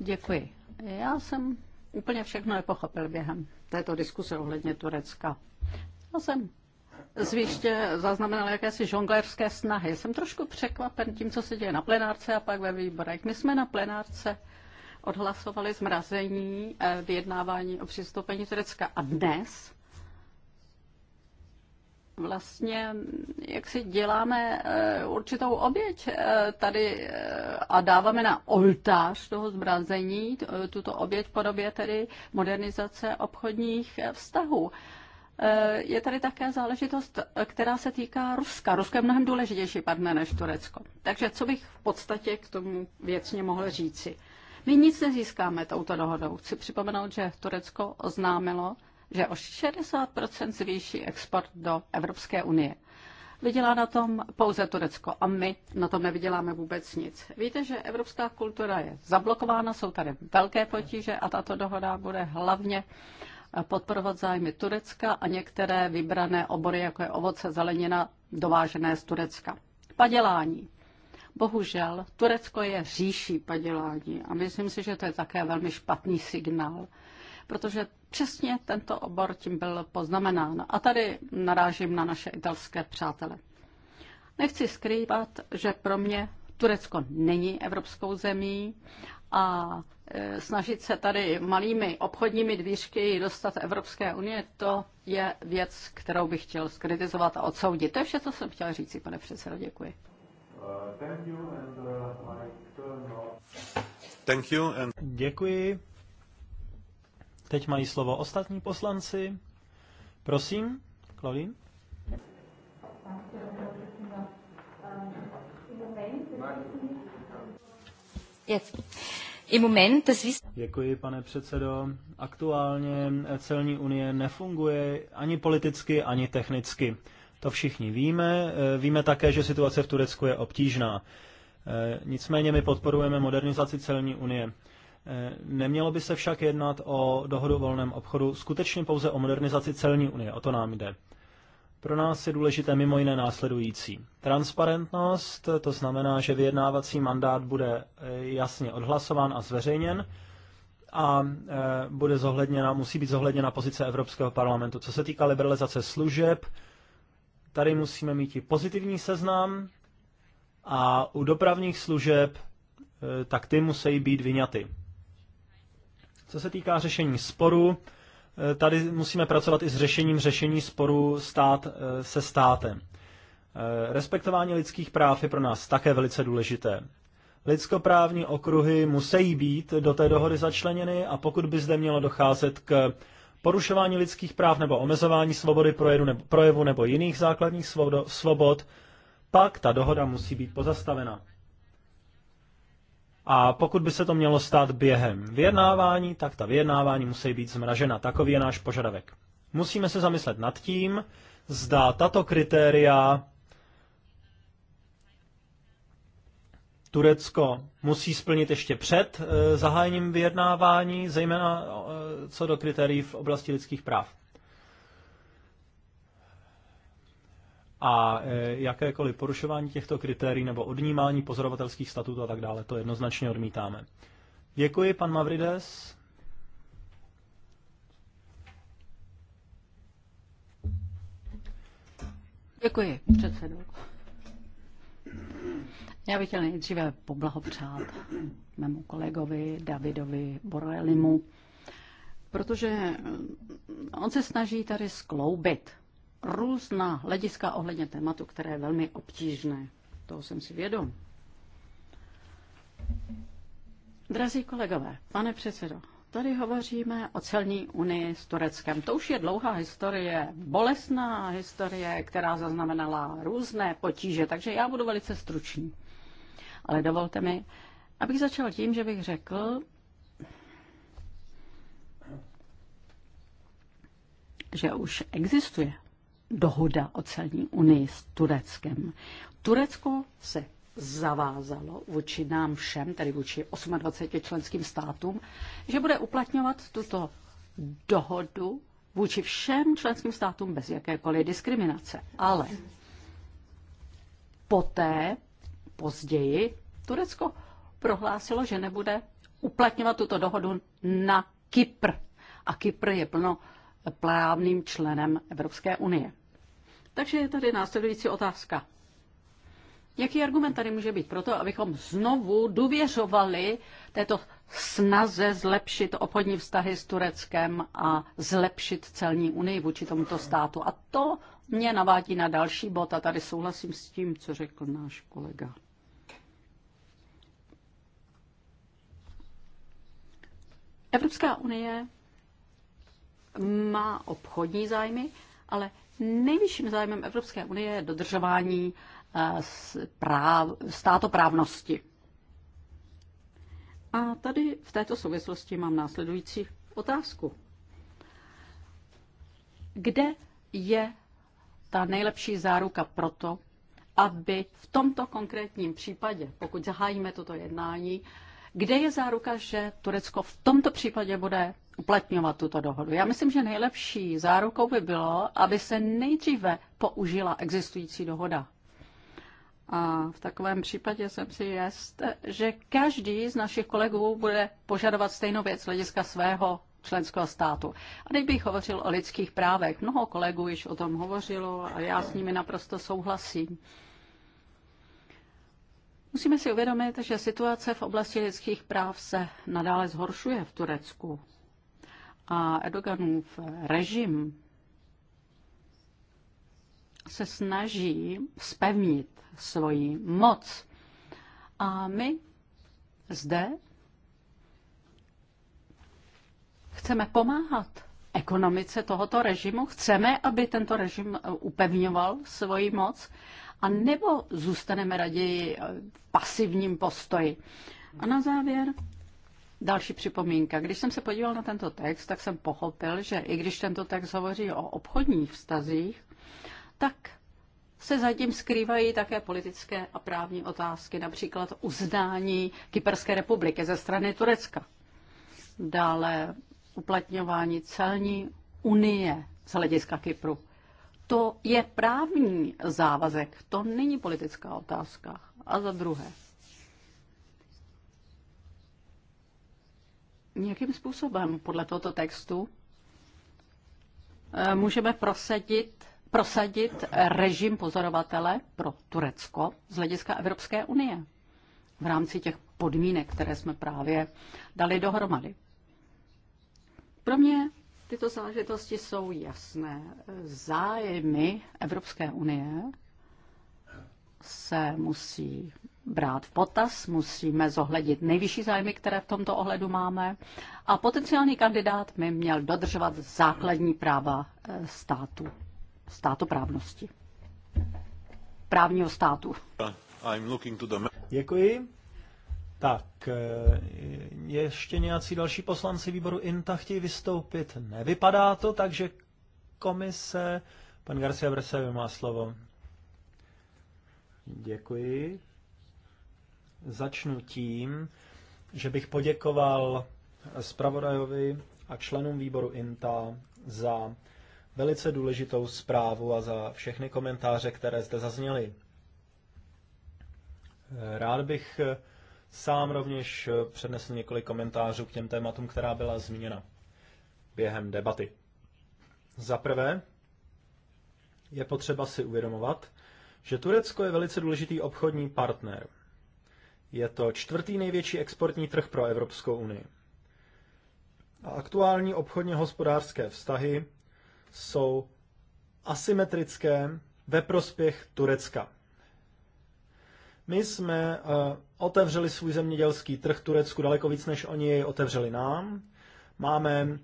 Děkuji. Já jsem úplně všechno nepochopil během této diskuse ohledně Turecka. Já jsem zvíště zaznamenal jakési žonglerské snahy. Jsem trošku překvapen tím, co se děje na plenárce a pak ve výborech. My jsme na plenárce odhlasovali zmrazení eh, vyjednávání o přistoupení Turecka a dnes vlastně jak si děláme eh, určitou oběť eh, tady eh, a dáváme na oltář toho zbrazení tuto oběť v podobě tedy modernizace obchodních vztahů. Je tady také záležitost, která se týká Ruska. Rusko je mnohem důležitější partner než Turecko. Takže co bych v podstatě k tomu věcně mohl říci? My nic nezískáme touto dohodou. Chci připomenout, že Turecko oznámilo, že o 60 zvýší export do Evropské unie. Vydělá na tom pouze Turecko a my na tom nevyděláme vůbec nic. Víte, že evropská kultura je zablokována, jsou tady velké potíže a tato dohoda bude hlavně podporovat zájmy Turecka a některé vybrané obory, jako je ovoce, zelenina, dovážené z Turecka. Padělání. Bohužel, Turecko je říší padělání a myslím si, že to je také velmi špatný signál protože přesně tento obor tím byl poznamenán. A tady narážím na naše italské přátele. Nechci skrývat, že pro mě Turecko není evropskou zemí a e, snažit se tady malými obchodními dvířky dostat Evropské unie, to je věc, kterou bych chtěl skritizovat a odsoudit. To je vše, co jsem chtěl říct, pane předsedo, děkuji. Uh, děkuji. Teď mají slovo ostatní poslanci. Prosím, Klolín. Děkuji, pane předsedo. Aktuálně celní unie nefunguje ani politicky, ani technicky. To všichni víme. Víme také, že situace v Turecku je obtížná. Nicméně my podporujeme modernizaci celní unie. Eh, nemělo by se však jednat o dohodu o volném obchodu, skutečně pouze o modernizaci celní unie, o to nám jde. Pro nás je důležité mimo jiné následující. Transparentnost, to znamená, že vyjednávací mandát bude eh, jasně odhlasován a zveřejněn a eh, bude zohledněna, musí být zohledněna pozice Evropského parlamentu. Co se týká liberalizace služeb, tady musíme mít i pozitivní seznam a u dopravních služeb tak ty musí být vyňaty. Co se týká řešení sporu, eh, tady musíme pracovat i s řešením řešení sporu stát eh, se státem. Eh, respektování lidských práv je pro nás také velice důležité. Lidskoprávní okruhy musí být do té dohody začleněny a pokud by zde mělo docházet k porušování lidských práv nebo omezování svobody projevu nebo, jiných základních svobod, pak ta dohoda musí být pozastavena. A pokud by se to mělo stát během vyjednávání, tak ta vyjednávání musí být zmražena. Takový je náš požadavek. Musíme se zamyslet nad tím, zda tato kritéria Turecko musí splnit ještě před eh, zahájením vyjednávání, zejména eh, co do kritérií v oblasti lidských práv. a e, jakékoliv porušování těchto kritérií nebo odnímání pozorovatelských statutů a tak dále, to jednoznačně odmítáme. Děkuji, pan Mavrides. Děkuji, předsedu. Já bych chtěl nejdříve poblahopřát mému kolegovi Davidovi Borelimu, protože on se snaží tady skloubit různá hlediska ohledně tématu, které je velmi obtížné. Toho jsem si vědom. Drazí kolegové, pane předsedo, tady hovoříme o celní unii s Tureckem. To už je dlouhá historie, bolestná historie, která zaznamenala různé potíže, takže já budu velice stručný. Ale dovolte mi, abych začal tím, že bych řekl, že už existuje dohoda o celní unii s Tureckem. Turecko se zavázalo vůči nám všem, tedy vůči 28 členským státům, že bude uplatňovat tuto dohodu vůči všem členským státům bez jakékoliv diskriminace. Ale poté, později, Turecko prohlásilo, že nebude uplatňovat tuto dohodu na Kypr. A Kypr je plno právným členem Evropské unie. Takže je tady následující otázka. Jaký argument tady může být pro to, abychom znovu důvěřovali této snaze zlepšit obchodní vztahy s Tureckem a zlepšit celní unii vůči tomuto státu? A to mě navádí na další bod a tady souhlasím s tím, co řekl náš kolega. Evropská unie má obchodní zájmy, ale nejvyšším zájmem Evropské unie je dodržování eh, práv, státoprávnosti. A tady v této souvislosti mám následující otázku. Kde je ta nejlepší záruka pro to, aby v tomto konkrétním případě, pokud zahájíme toto jednání, kde je záruka, že Turecko v tomto případě bude uplatňovat tuto dohodu? Já myslím, že nejlepší zárukou by bylo, aby se nejdříve použila existující dohoda. A v takovém případě jsem si jist, že každý z našich kolegů bude požadovat stejnou věc hlediska svého členského státu. A teď bych hovořil o lidských právech. Mnoho kolegů již o tom hovořilo a já s nimi naprosto souhlasím. Musíme si uvědomit, že situace v oblasti lidských práv se nadále zhoršuje v Turecku. A Erdoganův režim se snaží spevnit svoji moc. A my zde chceme pomáhat ekonomice tohoto režimu, chceme, aby tento režim upevňoval svoji moc a nebo zůstaneme raději eh, v pasivním postoji. A na závěr Další připomínka. Když jsem se podíval na tento text, tak jsem pochopil, že i když tento text hovoří o obchodních vztazích, tak se zatím skrývají také politické a právní otázky, například uznání Kyperské republiky ze strany Turecka. Dále uplatňování celní unie z hlediska Kypru. To je právní závazek, to není politická otázka. A za druhé, nějakým způsobem podle tohoto textu eh, můžeme prosadit, prosadit režim pozorovatele pro Turecko z hlediska Evropské unie v rámci těch podmínek, které jsme právě dali dohromady. Pro mě Tyto záležitosti jsou jasné. Zájmy Evropské unie se musí brát v potaz, musíme zohlednit nejvyšší zájmy, které v tomto ohledu máme. A potenciální kandidát by měl dodržovat základní práva eh, státu, právnosti, právního státu. Děkuji. Tak, e, ještě nějací další poslanci výboru INTA chtějí vystoupit. Nevypadá to, takže komise, pan Garcia Brsevi má slovo. Děkuji. Začnu tím, že bych poděkoval zpravodajovi a členům výboru INTA za velice důležitou zprávu a za všechny komentáře, které zde zazněly. Rád bych sám rovněž eh, přednesl několik komentářů k těm tématům, která byla zmíněna během debaty. Za prvé je potřeba si uvědomovat, že Turecko je velice důležitý obchodní partner. Je to čtvrtý největší exportní trh pro Evropskou unii. A aktuální obchodně hospodářské vztahy jsou asymetrické ve prospěch Turecka. My jsme eh, otevřeli svůj zemědělský trh Turecku daleko víc, než oni jej otevřeli nám. Máme eh,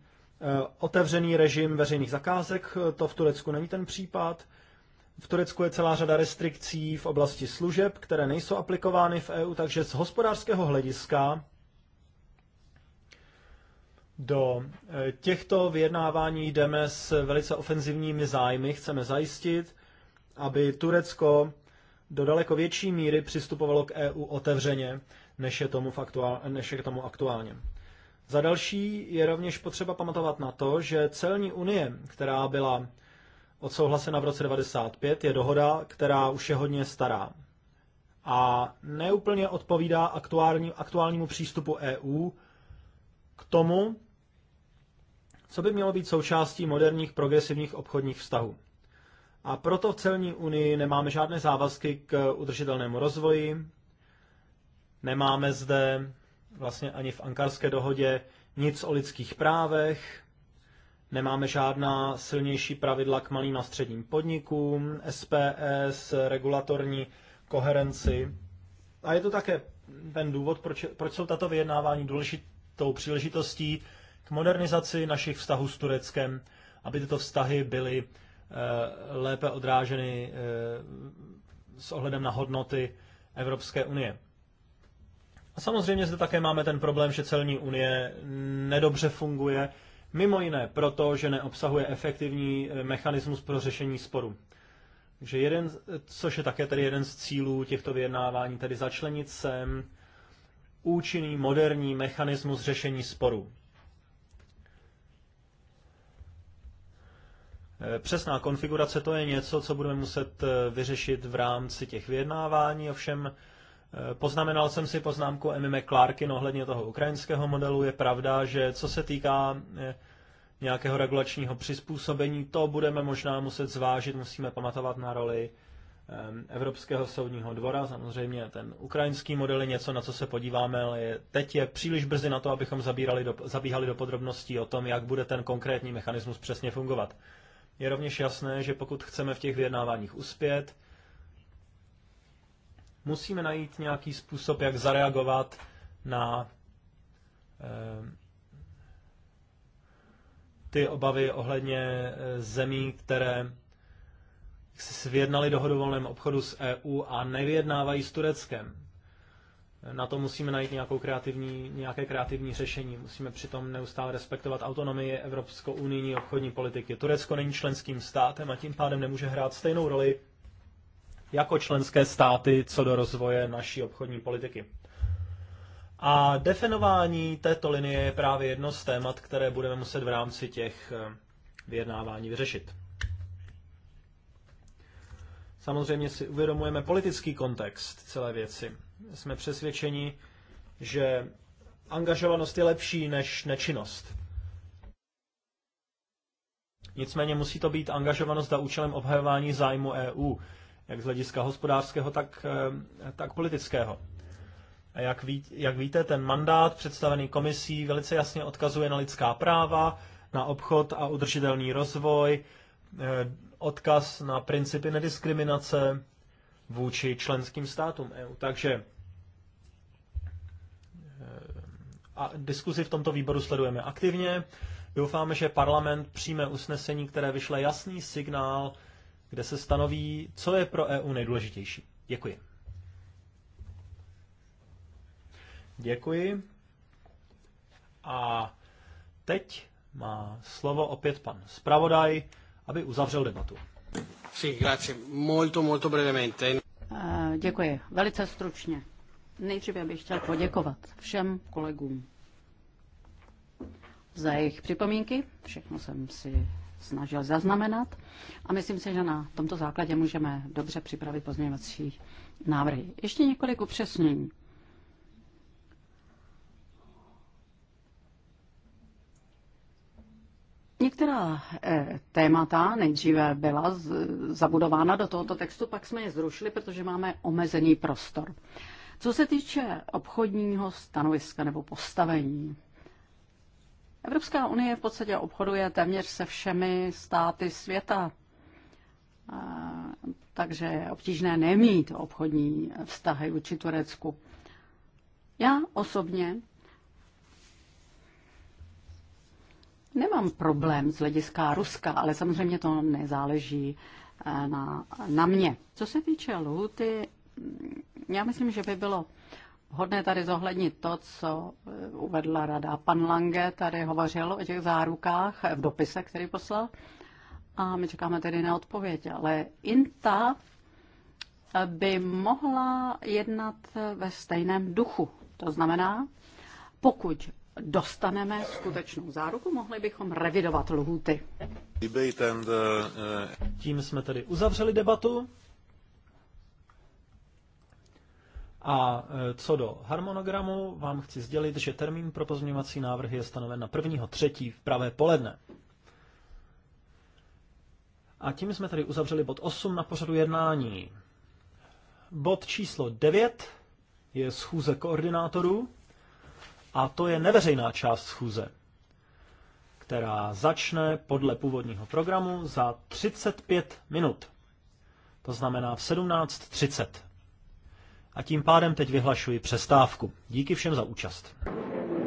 otevřený režim veřejných zakázek, eh, to v Turecku není ten případ. V Turecku je celá řada restrikcí v oblasti služeb, které nejsou aplikovány v EU, takže z hospodářského hlediska do těchto vyjednávání jdeme s velice ofenzivními zájmy. Chceme zajistit, aby Turecko do daleko větší míry přistupovalo k EU otevřeně, než je tomu, faktuál, než je tomu aktuálně. Za další je rovněž potřeba pamatovat na to, že celní unie, která byla odsouhlasena v roce 1995, je dohoda, která už je hodně stará a neúplně odpovídá aktuální, aktuálnímu přístupu EU k tomu, co by mělo být součástí moderních progresivních obchodních vztahů. A proto v celní unii nemáme žádné závazky k udržitelnému rozvoji, nemáme zde vlastně ani v ankarské dohodě nic o lidských právech, nemáme žádná silnější pravidla k malým a středním podnikům, SPS, regulatorní koherenci. A je to také ten důvod, proč, proč jsou tato vyjednávání důležitou příležitostí k modernizaci našich vztahů s Tureckem, aby tyto vztahy byly Eh, lépe odráženy eh, s ohledem na hodnoty Evropské unie. A samozřejmě zde také máme ten problém, že celní unie nedobře funguje, mimo jiné proto, že neobsahuje efektivní eh, mechanismus pro řešení sporu. Takže jeden, což je také tedy jeden z cílů těchto vyjednávání, tedy začlenit sem účinný moderní mechanismus řešení sporu. Přesná konfigurace to je něco, co budeme muset eh, vyřešit v rámci těch vyjednávání, ovšem eh, Poznamenal jsem si poznámku Emmy McClarkin ohledně toho ukrajinského modelu. Je pravda, že co se týká eh, nějakého regulačního přizpůsobení, to budeme možná muset zvážit, musíme pamatovat na roli ehm, Evropského soudního dvora. Samozřejmě ten ukrajinský model je něco, na co se podíváme, ale je, teď je příliš brzy na to, abychom zabírali do, zabíhali do podrobností o tom, jak bude ten konkrétní mechanismus přesně fungovat. Je rovněž jasné, že pokud chceme v těch vyjednáváních uspět, musíme najít nějaký způsob, jak zareagovat na eh, ty obavy ohledně eh, zemí, které si vyjednali dohodu volném obchodu s EU a nevyjednávají s Tureckem na to musíme najít nějakou kreativní, nějaké kreativní řešení. Musíme přitom neustále respektovat autonomii evropsko-unijní obchodní politiky. Turecko není členským státem a tím pádem nemůže hrát stejnou roli jako členské státy co do rozvoje naší obchodní politiky. A definování této linie je právě jedno z témat, které budeme muset v rámci těch eh, vyjednávání vyřešit. Samozřejmě si uvědomujeme politický kontext celé věci jsme přesvědčeni, že angažovanost je lepší než nečinnost. Nicméně musí to být angažovanost za účelem obhajování zájmu EU, jak z hlediska hospodářského, tak, eh, tak politického. A jak, ví, jak víte, ten mandát představený komisí velice jasně odkazuje na lidská práva, na obchod a udržitelný rozvoj, eh, odkaz na principy nediskriminace, vůči členským státům EU. Takže eh, a diskuzi v tomto výboru sledujeme aktivně. Doufáme, že parlament přijme usnesení, které vyšle jasný signál, kde se stanoví, co je pro EU nejdůležitější. Děkuji. Děkuji. A teď má slovo opět pan zpravodaj, aby uzavřel debatu. Sì, grazie. Molto, molto brevemente. Eh, děkuji. Velice stručně. Nejdříve bych chtěl poděkovat všem kolegům za jejich připomínky. Všechno jsem si snažil zaznamenat a myslím si, že na tomto základě můžeme dobře připravit pozměňovací návrhy. Ještě několik upřesnění. Některá eh, témata nejdříve byla zabudována do tohoto textu, pak jsme je zrušili, protože máme omezený prostor. Co se týče obchodního stanoviska nebo postavení, Evropská unie v podstatě obchoduje téměř se všemi státy světa, takže je obtížné nemít obchodní vztahy vůči Turecku. Já osobně nemám problém z hlediska Ruska, ale samozřejmě to nezáleží eh, na, na mě. Co se týče lhuty, mm, já myslím, že by bylo hodné tady zohlednit to, co eh, uvedla rada. Pan Lange tady hovořil o těch zárukách v dopise, který poslal. A my čekáme tedy na odpověď. Ale INTA eh, by mohla jednat ve stejném duchu. To znamená, pokud dostaneme skutečnou záruku, mohli bychom revidovat lhůty. Uh, uh, tím jsme tedy uzavřeli debatu. A uh, co do harmonogramu, vám chci sdělit, že termín pro pozměňovací návrhy je stanoven na 1.3. v pravé poledne. A tím jsme tady uzavřeli bod 8 na pořadu jednání. Bod číslo 9 je schůze koordinátorů a to je neveřejná část schůze, která začne podle původního programu za 35 minut. To znamená v 17.30. A tím pádem teď vyhlašuji přestávku. Díky všem za účast.